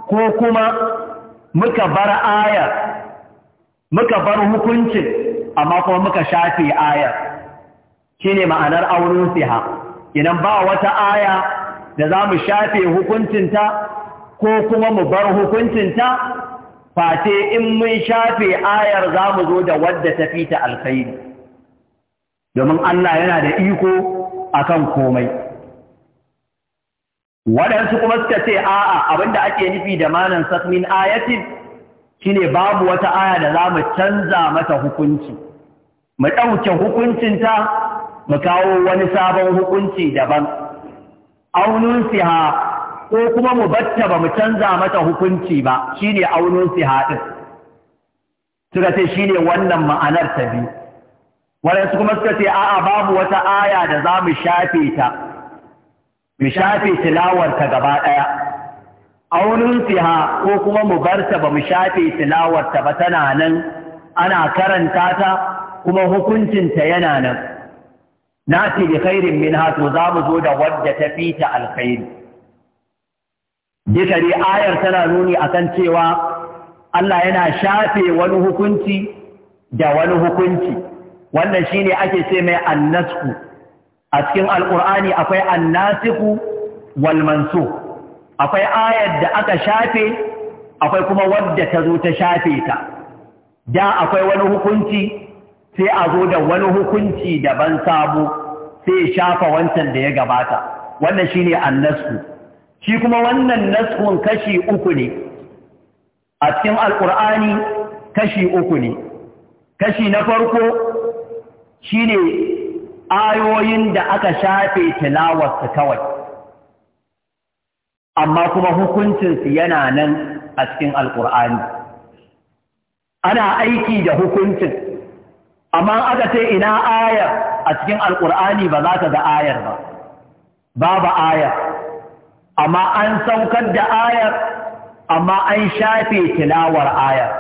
ko kuma muka bar aya muka bar hukuncin amma kuma muka shafe ayar shine ma'anar auren siha idan ba wata aya da za mu shafe hukuncinta ko kuma mu bar hukuncinta fate in mun shafe ayar za mu zo da wadda ta fi ta alkhairi domin Allah yana da iko akan komai waɗansu kuma suka ce a'a abinda ake nufi da manan sakmin ayatin shine babu wata aya da zamu canza mata hukunci mu ɗauke ta mu kawo wani sabon hukunci daban aunun siha ko kuma mu batta ba mu canza mata hukunci ba shine aunun siha din suka ce shine wannan ma'anar ta biyu su kuma suka ce a'a babu wata aya da za shafe ta mu shafe tilawarta gaba ɗaya aunin siha ko kuma mu barta ba mu shafe tilawarta ba tana nan ana karanta ta kuma hukuncinta yana nan na ce da khairin min to za mu zo da wadda ta fi ta alkhairi duka dai ayar tana nuni akan cewa Allah yana shafe wani hukunci da wani hukunci wannan shine ake ce mai annasku a cikin alkur'ani akwai annasiku wal mansukh akwai ayar da aka shafe akwai kuma wadda ta zo ta shafe ta da akwai wani hukunci sai a zo da wani hukunci daban sabo sai shafa wancan da ya gabata wannan shine annasu shi kuma wannan naskun kashi uku ne a cikin alkur'ani kashi uku ne kashi na farko shine ayoyin da aka shafe tilawarsa kawai amma kuma hukuncinsu yana nan a cikin alkur'ani ana aiki da hukuncin amma aka ce ina ayar a cikin alkur'ani ba za ta ga ayar ba babu ayar amma an saukar da ayar amma an shafe tilawar ayar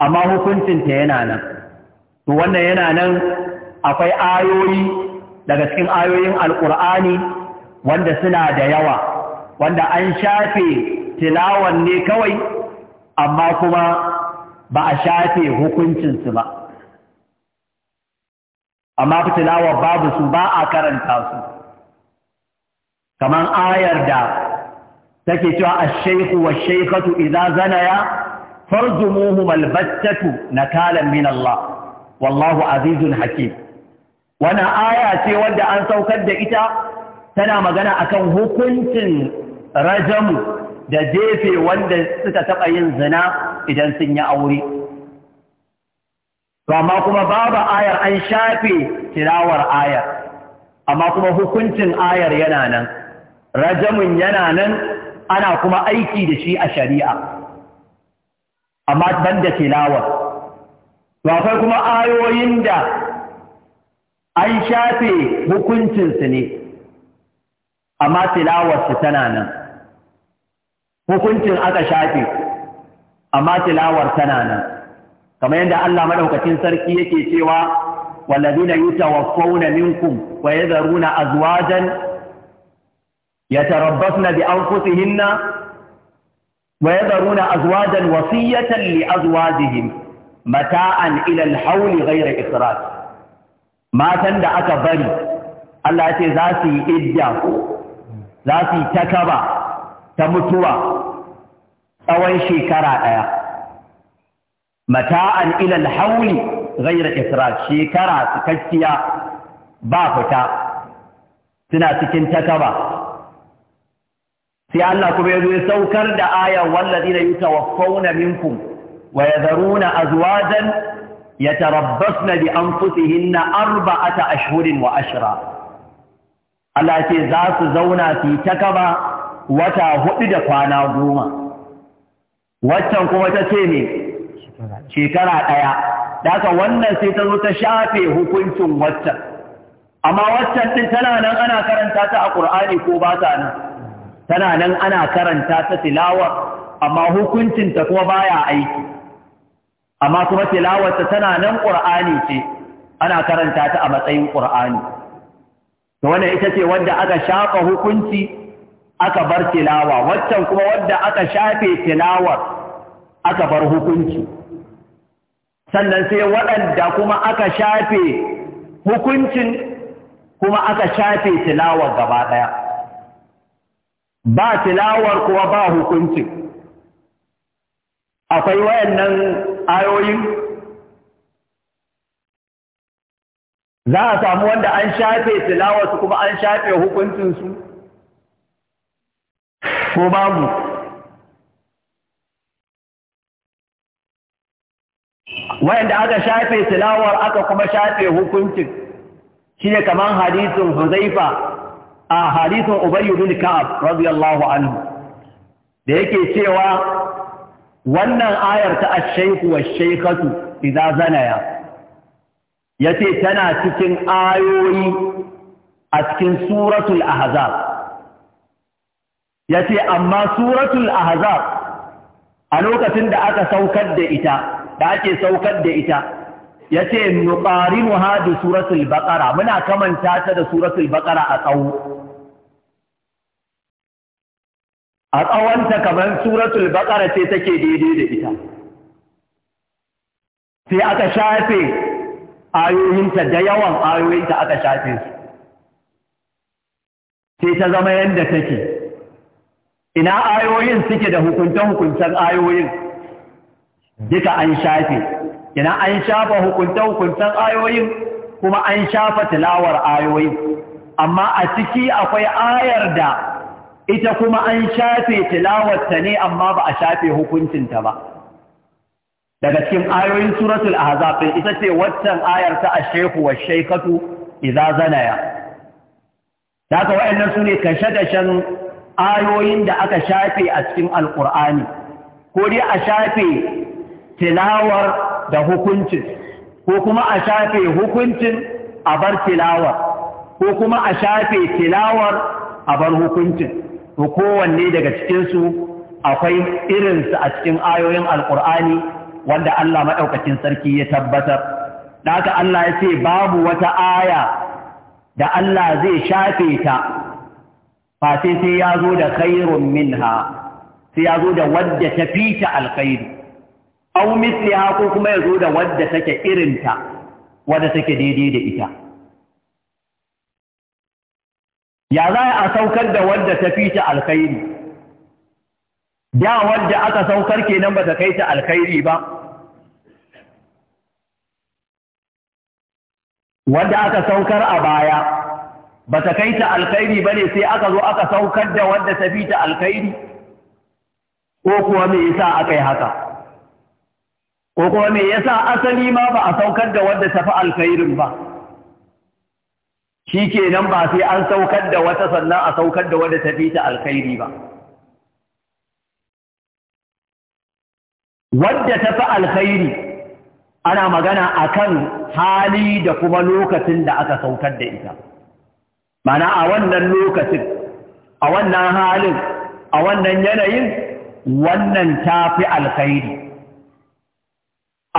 amma ta yana nan to wannan yana nan akwai ayoyi daga cikin ayoyin alkur'ani wanda suna da yawa wanda an shafe tilawan ne kawai amma kuma ba a shafe hukuncinsu ba amma fi tilawar babu su ba a karanta su kamar ayar da take cewa a shaiku wa shaikatu idan zanaya farjumuhum albattatu na min Allah wallahu azizun hakim wannan aya ce wanda an saukar da ita tana magana akan hukuncin rajamu da jefe wanda suka taɓa yin zina idan sun yi aure. Amma kuma babu ayar an shafe tilawar ayar, amma kuma hukuncin ayar yana nan, rajamun yana nan ana kuma aiki da shi a shari'a, amma ban da tilawar. akwai kuma ayoyin da an shafe hukuncinsu ne, amma tilawarsu tana nan. hukuncin aka shafe amma tilawar tana nan kamar yadda Allah madaukakin sarki yake cewa walladina yutawaffawna minkum wa yadharuna azwajan yatarabbasna bi anfusihinna wa yadharuna azwajan wasiyatan li azwajihim mata'an ila al-hawl ghayra matan da aka bari Allah ya ce za su yi idda za su yi takaba ta mutuwa tsawon shekara ɗaya mata'an ilal hauli ghaira isra shekara cikakkiya ba fita suna cikin takaba sai Allah kuma ya zo ya saukar da ayan wallazi da yutawaffawna minkum wa yadharuna azwajan yatarabbasna bi anfusihinna arba'ata ashirin wa ashira. Allah ce za su zauna su ta wata hudu da kwana goma waccan kuma ta ce ne shekara ɗaya daga wannan sai ta zo ta shafe hukuncin waccan amma waccan ɗin tana nan ana karanta ta a ƙur'ani ko ba ta nan tana nan ana karanta ta tilawar amma hukuncinta kuma baya aiki amma kuma tilawarta tana nan ƙur'ani ce ana karanta ta a matsayin ƙur'ani to wannan ita ce wanda aka shafa hukunci aka bar tilawa waccan kuma wadda aka shafe tilawar aka bar hukunci sannan sai waɗanda kuma aka shafe hukuncin kuma aka shafe tilawar gaba ɗaya ba tilawar kuma ba hukuncin akwai wayannan ayoyin za a samu wanda an shafe tilawarsu kuma an shafe hukuncinsu ko babu wayanda aka shafe tilawar aka kuma shafe hukuncin shi ne kamar hadisun huzaifa a hadisun ubayyu bin ka'ab radiyallahu anhu da yake cewa wannan ayar ta ash-shaykhu wash-shaykhatu idza zanaya yace tana cikin ayoyi a cikin suratul ahzab ya ce amma suratul ahzab a lokacin da aka saukar da ita da ake saukar da ita ya ce mu hadu suratul baqara muna kamanta ta da suratul baqara a tsawo a tsawonta kamar suratul baƙara ce take daidai da ita sai aka shafe ayoyinta da yawan ayoyinta aka shafe su sai ta zama yadda take ina ayoyin suke da hukunce-hukuncen ayoyin duka an shafe ina an shafa hukunce-hukuncen ayoyin kuma an shafa tilawar ayoyin amma a ciki akwai ayar da ita kuma an shafe tilawarta ne amma ba a shafe hukuncinta ba daga cikin ayoyin suratul ahzab ita ce waccan ayar ta ashehu wa shaykatu idza zanaya daga wayannan sune kashe ayoyin da aka shafe a cikin alƙur'ani ko dai a shafe tilawar da hukuncin ko kuma a shafe hukuncin a bar tilawar ko kuma a shafe tilawar a bar hukuncin to kowanne daga cikinsu akwai irinsu a cikin ayoyin Alkur'ani wanda Allah maɗaukacin sarki ya tabbatar da haka Allah ya ce babu wata aya da Allah zai shafe ta fa sai sai ya zo da khairun minha sai ya zo da wadda ta fi ta alkhairu aw misliha ko kuma ya zo da wadda take irinta wadda take daidai da ita ya za a saukar da wadda ta fi ta alkhairi da wadda aka saukar kenan ba ta kai ta alkhairi ba wadda aka saukar a baya ba ta kai ta alkhairi ba ne sai aka zo aka saukar da wanda ta fi ta alkhairi ko kuwa me yasa aka yi haka ko kuwa me yasa asali ma ba a saukar da wanda ta fi alkhairin ba shi ke nan ba sai an saukar da wata sannan a saukar da wanda ta fi ta alkhairi ba wadda ta fi alkhairi ana magana akan hali da kuma lokacin da aka saukar da ita mana a wannan lokacin a wannan halin a wannan yanayin wannan tafi alkhairi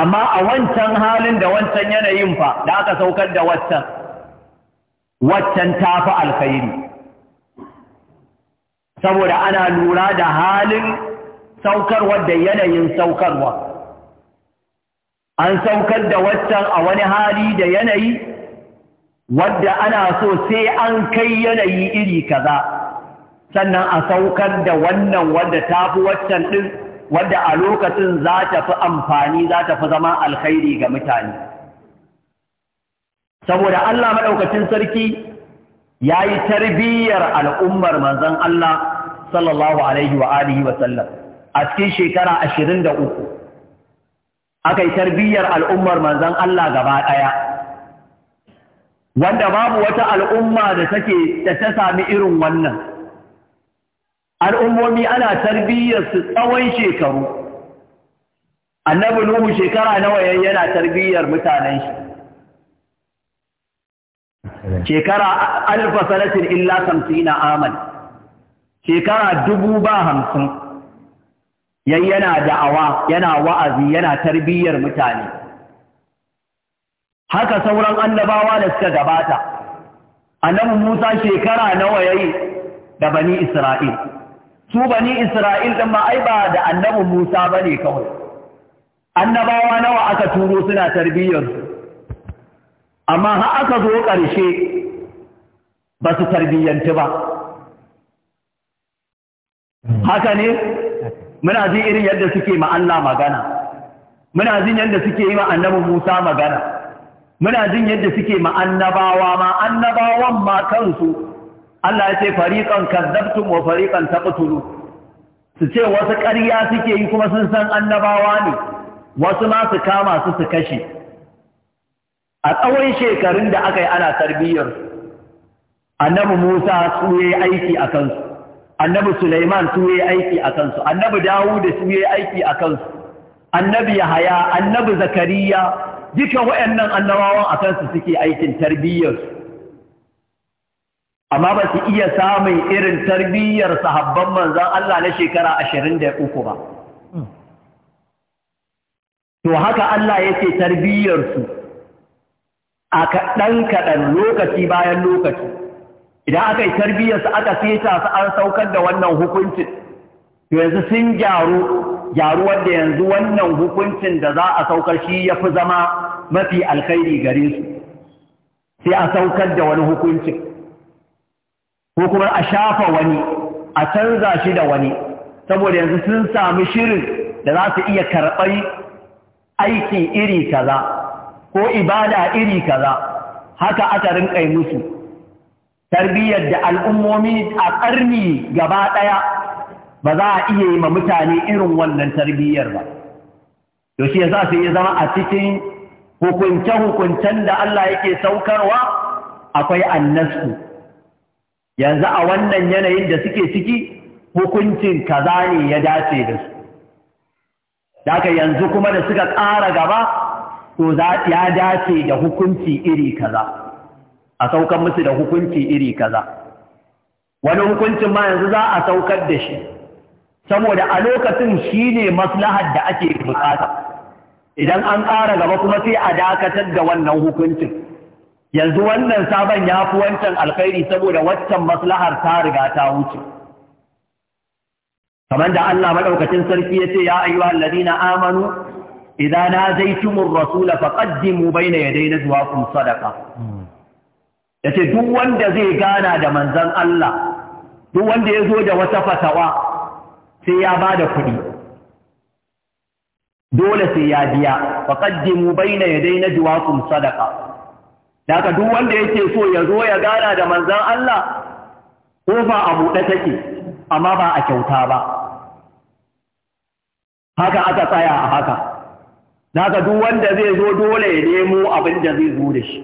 amma a wancan halin da wancan yanayin fa da aka saukar da waccan waccan tafi alkhairi saboda ana lura da halin saukarwa da yanayin saukarwa an saukar da waccan a wani hali da yanayi wadda ana so sai an kai yanayi iri kaza sannan a saukar da wannan wadda ta fi waccan ɗin wadda a lokacin za ta fi amfani za ta fi zama alkhairi ga mutane saboda Allah maɗaukacin sarki ya yi tarbiyyar al'ummar manzon Allah sallallahu alaihi wa alihi wa sallam a cikin shekara ashirin da uku aka yi tarbiyyar al'ummar manzon Allah gaba ɗaya wanda babu wata al'umma da take da ta sami irin wannan al'ummomi ana tarbiyyar su tsawon shekaru annabi nuhu shekara nawa yana tarbiyyar mutanen shi shekara alfa salatin illa samtina, amal, shekara dubu ba hamsin yayyana da'awa yana wa'azi yana tarbiyyar mutane haka sauran annabawa da suka gabata annabi Musa shekara nawa yayi da bani Isra'il su bani Isra'il din ma ai ba da annabi Musa bane kawai annabawa nawa aka turo suna tarbiyyar su amma har aka zo ƙarshe ba su tarbiyyanci ba haka ne muna jin irin yadda suke ma Allah magana muna jin yadda suke yi wa annabi Musa magana muna jin yadda suke ma annabawa ma annabawan ma kansu Allah ya ce fariqan kadzabtum wa fariqan taqtulu su ce wasu ƙarya suke yi kuma sun san annabawa ne wasu ma su kama su su kashe a tsawon shekarun da aka yi ana tarbiyyar annabi Musa su yi aiki a kansu annabi Sulaiman su yi aiki a kansu annabi Dawud su yi aiki a kansu annabi Yahaya annabi Zakariya dukan wayannan annabawan a kansu suke aikin tarbiyyarsu amma ba su iya samun irin tarbiyyar sahabban manzan Allah na shekara ashirin da uku ba to haka Allah yake tarbiyyarsu a kaɗan kaɗan lokaci bayan lokaci idan aka yi tarbiyyarsu aka seta su an saukar da wannan hukuncin to yanzu sun gyaru gyaruwar da yanzu wannan hukuncin da za a saukar shi ya fi zama mafi alkhairi gare su sai a saukar da wani hukuncin ko kuma a shafa wani a canza shi da wani saboda yanzu sun sami shirin da za su iya karɓar aiki iri kaza ko ibada iri kaza haka aka rinƙai musu tarbiyyar da al'ummomi a ƙarni gaba ɗaya ba za a iya yi ma mutane irin wannan tarbiyyar ba to shi yasa sai ya zama a cikin hukunce hukuncen da Allah yake saukarwa akwai annasu yanzu a wannan yanayin da suke ciki hukuncin kaza ne ya dace da su daga yanzu kuma da suka ƙara gaba to za ya dace da hukunci iri kaza a saukar musu da hukunci iri kaza wani hukuncin ma yanzu za a saukar da shi saboda a lokacin shi ne maslahar da ake bukata idan an ƙara gaba kuma sai a dakatar da wannan hukuncin yanzu wannan sabon ya fi wancan alkhairi saboda waccan maslahar ta riga ta wuce kamar da Allah maɗaukacin sarki ya ce ya ayyuha na amanu idza cimun rasula daina zuwa kun najwaakum Ya yace duk wanda zai gana da manzon Allah duk wanda ya zo da wata fatawa sai ya ba da kuɗi dole sai ya biya faqaddimu baina yaday sadaka. sadaqa daga duk wanda yake so ya zo ya gana da manzan Allah Ko ba a buɗe take amma ba a kyauta ba haka aka tsaya a haka daga duk wanda zai zo dole ya nemo abin da zai zo da shi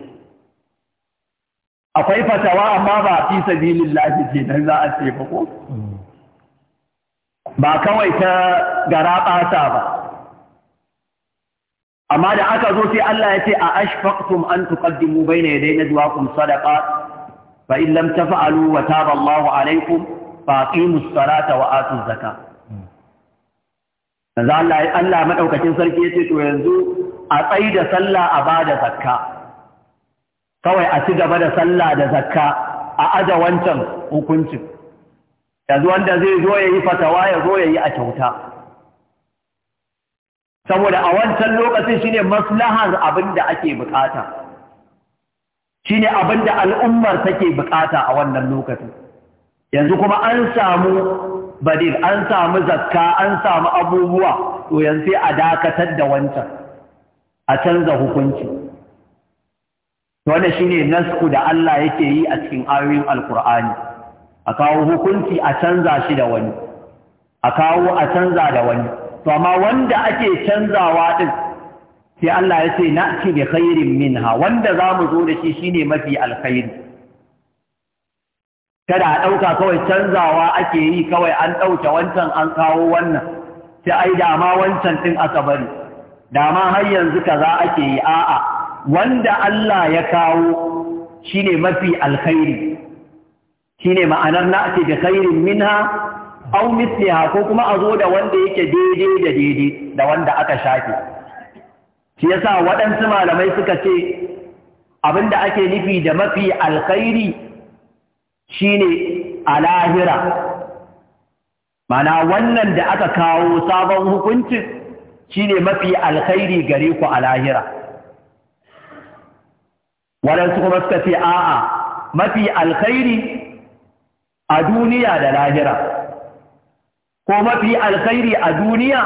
akwai fatawa amma ba fi sabilillahi ce dan za a ce ba ko ba kawai ta gara ɓata ba amma da aka zo sai Allah ya ce a ashfaqtum an tuqaddimu bayna yaday najwaakum sadaqa fa in lam taf'alu wa taba Allahu alaykum fa aqimus salata wa atuz zakat yanzu Allah Allah madaukakin sarki ce to yanzu a tsayi da sallah a bada zakka kawai a ci gaba da sallah da zakka a aja wancan hukuncin yanzu wanda zai zo ya yi fatawa ya zo ya yi a kyauta saboda a wancan lokacin shine maslahar abin da ake bukata shine abin da al'ummar take bukata a wannan lokacin yanzu kuma an samu badir an samu zakka an samu abubuwa to yanzu sai a dakatar da wancan a canza hukunci wannan shine nasku da Allah yake yi a cikin ayoyin alkur'ani a kawo hukunci a canza shi da wani a kawo a canza da wani to amma wanda ake canzawa din sai Allah ya ce na'ti bi khairin minha wanda zamu zo da shi shine mafi alkhairi kada a dauka kawai canzawa ake yi kawai an dauke wancan an kawo wannan sai ai da ma wancan din aka bari da ma har yanzu kaza ake yi a'a wanda Allah ya kawo shine mafi alkhairi shine ma'anar na ake da khairin minha aw misliha ko kuma a zo da wanda yake daidai da daidai da wanda aka shafe shi yasa waɗansu malamai suka ce abin da ake nufi da mafi alkhairi shine a lahira mana wannan da aka kawo sabon hukuncin shine mafi alkhairi gare ku a lahira waɗansu kuma suka ce a'a mafi alkhairi a duniya da lahira ko mafi alkhairi a duniya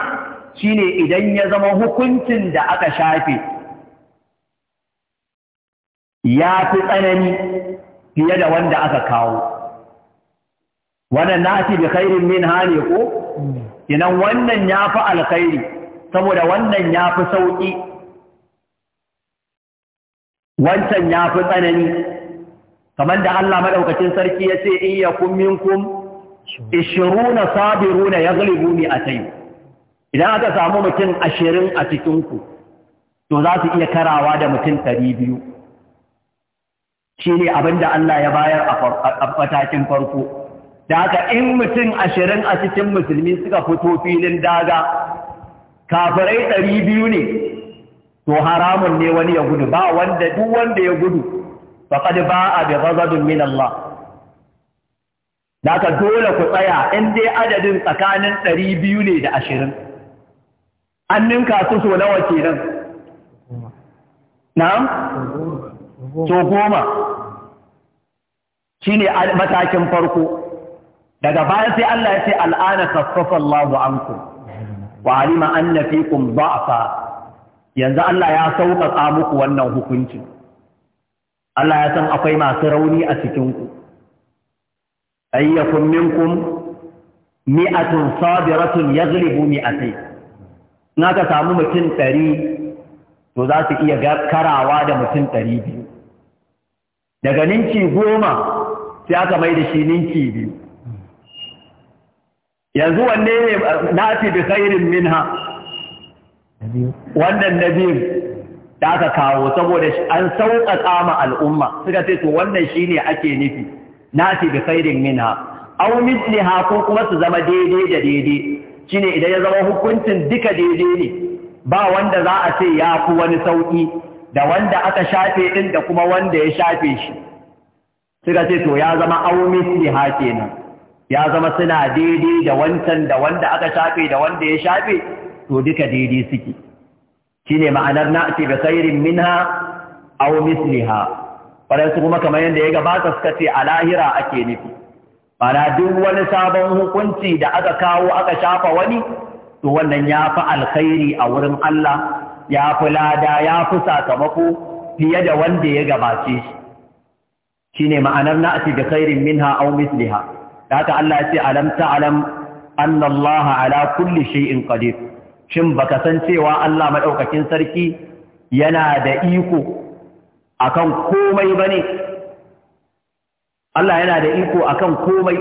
shine idan ya zama hukuncin da aka shafe ya fi tsanani fiye da wanda aka kawo wannan nati bi khairin min hane ko idan wannan ya fi alkhairi saboda wannan ya fi sauƙi wancan ya fi tsanani kamar da Allah madaukakin sarki ya ce in yakun minkum 20 sabiruna a mi'atayn idan aka samu mutum 20 a cikin to za su iya karawa da mutum 200 shine abinda Allah ya bayar a fatakin farko da haka in mutum 20 a cikin musulmi suka fito filin daga kafirai 200 ne to haramun ne wani ya gudu ba wanda duk wanda ya gudu ba a bi ghadabin min Allah da ka dole ku tsaya in dai adadin tsakanin biyu ne da ashirin. an ninka su so nawa kenan na'am so goma shine matakin farko daga baya sai Allah ya ce al'ana khaffafa Allahu anku. wa alima anna fikum fa. yanzu Allah ya sauƙaƙa muku wannan hukuncin Allah ya san akwai masu rauni a cikinku ayyakun minkum mi'atun sabiratun yaghlibu mi'atay in aka samu mutum ɗari to za su iya karawa da mutum ɗari biyu daga ninki goma sai aka mai da shi ninki biyu yanzu wanne ne na bi khairin minha wannan na biyu da aka kawo saboda an sauƙaƙa ma al'umma suka ce to wannan shi ne ake nufi Na fi bi ha minha misli ha ko kuma su zama daidai da daidai shine idan ya zama hukuncin duka daidai ne ba wanda za a ce ya fi wani sauƙi da wanda aka shafe ɗin da kuma wanda ya shafe shi suka ce to ya zama misli ha kenan ya zama suna daidai da wancan da wanda aka shafe da wanda ya shafe to duka daidai suke shine ma'anar na'ti bi khairin minha aw misliha waɗansu kuma kamar yadda ya gabata suka ce a lahira ake nufi mana duk wani sabon hukunci da aka kawo aka shafa wani to wannan ya fi alkhairi a wurin Allah ya fi lada ya fi sakamako fiye da wanda ya gabace shi Shine ma'anar na'ati khairin minha aw misliha da haka Allah ya ce alam ta'lam anna Allah ala kulli shay'in qadir shin baka san cewa Allah maɗaukakin sarki yana da iko akan komai bane Allah yana da iko akan komai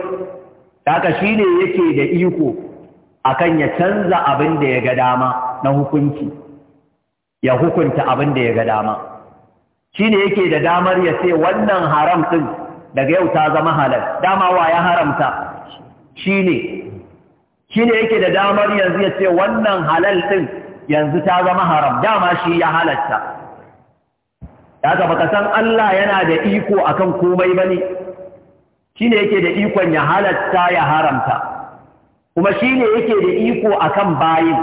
haka shine yake da iko akan ya canza abin da ya ga dama na hukunci ya hukunta abin da ya ga dama shine yake da damar ya ce wannan haram din daga yau ta zama halal dama wa ya haramta shine shi ne yake da damar yanzu ya ce wannan halal ɗin yanzu ta zama haram dama shi ya halatta ya ka baka san Allah yana da iko akan komai ba ne shi ne yake da ikon ya halatta ya haramta kuma shi ne yake da iko akan bayin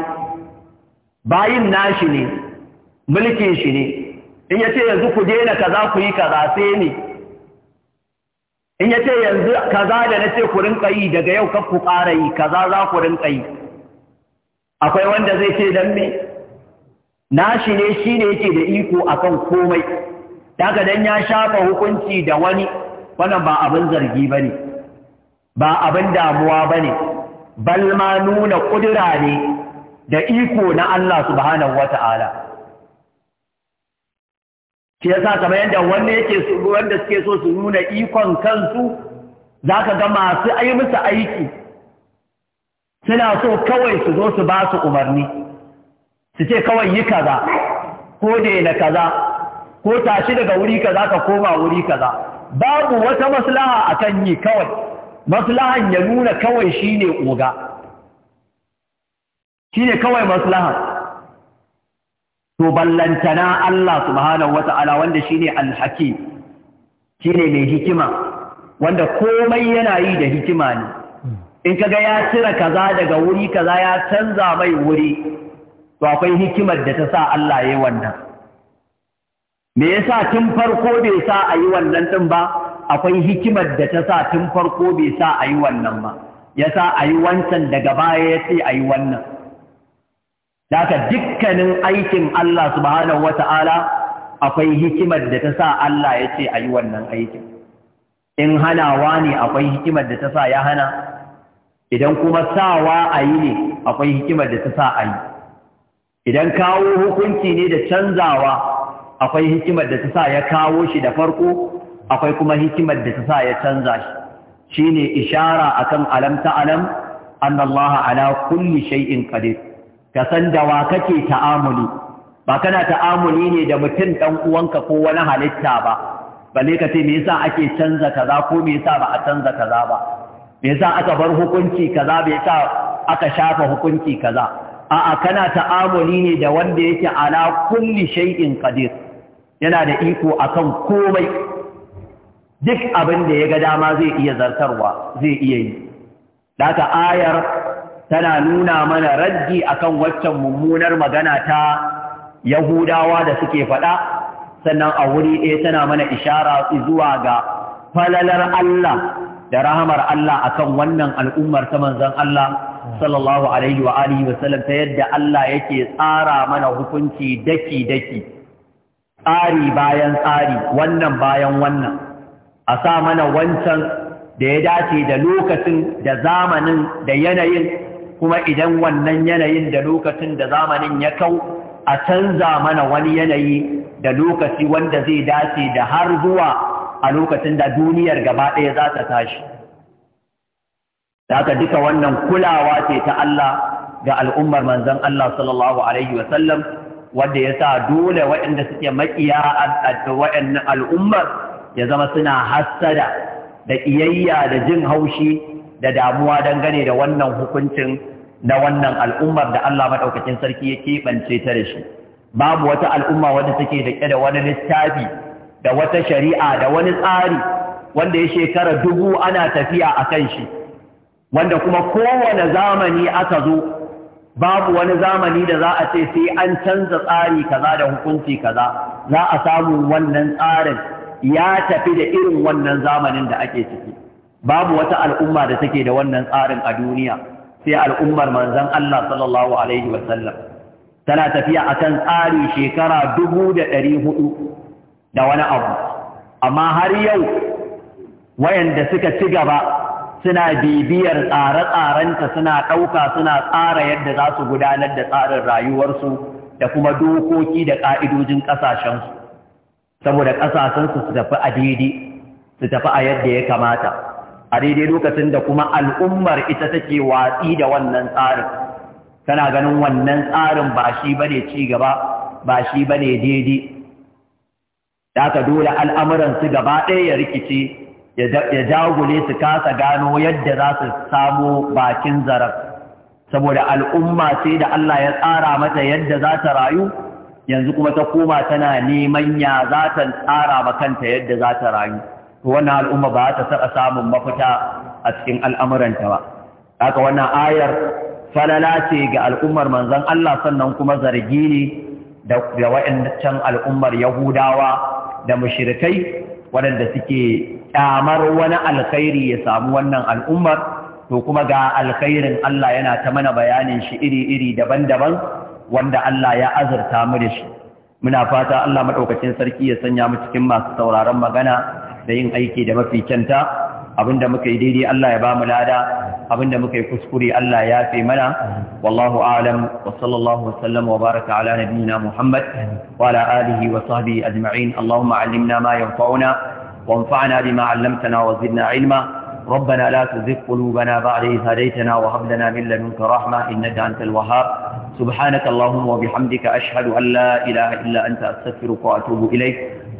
bayin nashi ne mulkin shi ne in ya ce yanzu ku daina kaza ku yi kaza sai ne in ya ce yanzu kaza da na ce ku rinka yi daga yau ka ku ƙara yi kaza za ku rinka yi akwai wanda zai ce dan me nashi ne shi ne yake da iko akan komai daga dan ya shafa hukunci da wani wannan ba abin zargi ba ne ba abin damuwa ba ne bal ma nuna ƙudura ne da iko na Allah subhanahu wata'ala shi yasa kamar yadda wanda yake su wanda suke so su nuna ikon kansu za ka ga masu ayi musu aiki suna so kawai su zo su ba su umarni su ce kawai yi kaza ko daina kaza ko tashi daga wuri kaza ka koma wuri kaza babu wata maslaha akan yi kawai maslahan ya nuna kawai shine oga shine kawai maslaha. to ballantana Allah subhanahu wata'ala wanda shine alhaki, hakim shine mai hikima wanda komai yana yi da hikima ne in ka ga ya cire kaza daga wuri kaza ya canza mai wuri to akwai hikimar da ta sa Allah yayi wannan me yasa tun farko bai sa ayi wannan din ba akwai hikimar da ta sa tun farko bai sa ayi wannan ba yasa ayi wancan daga baya ya ce ayi wannan Daka dukkanin aikin Allah subhanahu wa ta'ala akwai hikimar da ta sa Allah ya ce a yi wannan aikin. In hanawa ne akwai hikimar da ta sa ya hana, idan kuma sawa a yi ne akwai hikimar da ta sa a yi. Idan kawo hukunci ne da canzawa akwai hikimar da ta sa ya kawo shi da farko, akwai kuma hikimar da ta sa ya canza shi. Shi ne ishara akan alam ta'alam, Allah ala kulli shay'in qadir. ka san da wa kake ta'amuli ba kana ta'amuli ne da mutum dan uwanka ko wani halitta ba balle ka ce me yasa ake canza kaza ko me yasa ba a canza kaza ba me yasa aka bar hukunci kaza me yasa aka shafa hukunci kaza a'a kana ta'amuli ne da wanda yake ala kulli shay'in qadir yana da iko akan komai duk abin da ya ga dama zai iya zartarwa zai iya yi daga ayar tana nuna mana raddi akan waccan mummunar magana ta yahudawa da suke faɗa sannan a wuri ɗaya tana mana ishara zuwa ga falalar Allah da rahamar Allah akan wannan al'ummar ta manzon Allah sallallahu alaihi wa alihi ta yadda Allah yake tsara mana hukunci daki daki tsari bayan tsari wannan bayan wannan a sa mana wancan da ya dace da lokacin da zamanin da yanayin kuma idan wannan yanayin da lokacin da zamanin ya kau a canza mana wani yanayi da lokaci wanda zai dace da har zuwa a lokacin da duniyar gaba ɗaya za ta tashi da haka duka wannan kulawa ce ta Allah ga al'ummar manzon Allah sallallahu alaihi wasallam wanda ya sa dole waɗanda suke maƙiya waɗannan al'ummar ya zama suna hassada da ƙiyayya da jin haushi da damuwa dangane da wannan hukuncin na wannan al'ummar da Allah maɗaukacin sarki ya keɓance ta da shi babu wata al'umma wadda suke da da wani littafi da wata shari'a da wani tsari wanda ya shekara dubu ana tafiya a kan shi wanda kuma kowane zamani aka zo babu wani zamani da za a ce sai an canza tsari kaza da hukunci kaza za a samu wannan tsarin ya tafi da irin wannan zamanin da ake ciki babu wata al'umma da take da wannan tsarin a duniya sai al'ummar manzon Allah sallallahu alaihi wasallam tana tafiya a kan tsari shekara dubu da ɗari hudu da wani abu amma har yau wayanda suka ci gaba suna bibiyar tsare-tsarenta suna ɗauka suna tsara yadda za su gudanar da tsarin rayuwarsu da kuma dokoki da ƙa'idojin ƙasashensu saboda ƙasashensu su tafi a daidai su tafi a yadda ya kamata a daidai lokacin da kuma al'ummar ita take watsi da wannan tsarin tana ganin wannan tsarin ba shi bane ci gaba ba shi bane daidai da ka dole al'amuran su gaba ɗaya ya rikice ya jagule su kasa gano yadda za su samu bakin zarar saboda al'umma sai da Allah ya tsara mata yadda za ta rayu yanzu kuma ta koma tana neman ya za ta tsara kanta yadda za ta rayu to wannan al'umma ba ta taɓa samun mafita a cikin al'amuranta ba Aka wannan ayar falala ce ga al'ummar manzon Allah sannan kuma zargi ne da wa'ancan al'ummar yahudawa da mushirikai waɗanda suke ƙyamar wani alkhairi ya samu wannan al'ummar to kuma ga alkhairin Allah yana ta mana bayanin shi iri-iri daban-daban wanda Allah ya azurta mu da shi muna fata Allah maɗaukacin sarki ya sanya mu cikin masu sauraron magana da yin aiki da mafi kyanta abinda muka yi daidai Allah ya bamu lada abinda muka yi kuskure Allah ya fi mana wallahu a'lam wa sallallahu wasallam wa baraka ala nabiyyina Muhammad wa ala alihi wa sahbihi ajma'in Allahumma 'allimna ma yanfa'una wanfa'na bima 'allamtana wa zidna 'ilma ربنا لا تزغ قلوبنا بعد إذ هديتنا وهب لنا من لدنك رحمة إنك أنت الوهاب سبحانك اللهم وبحمدك أشهد أن لا إله إلا أنت أستغفرك وأتوب إليك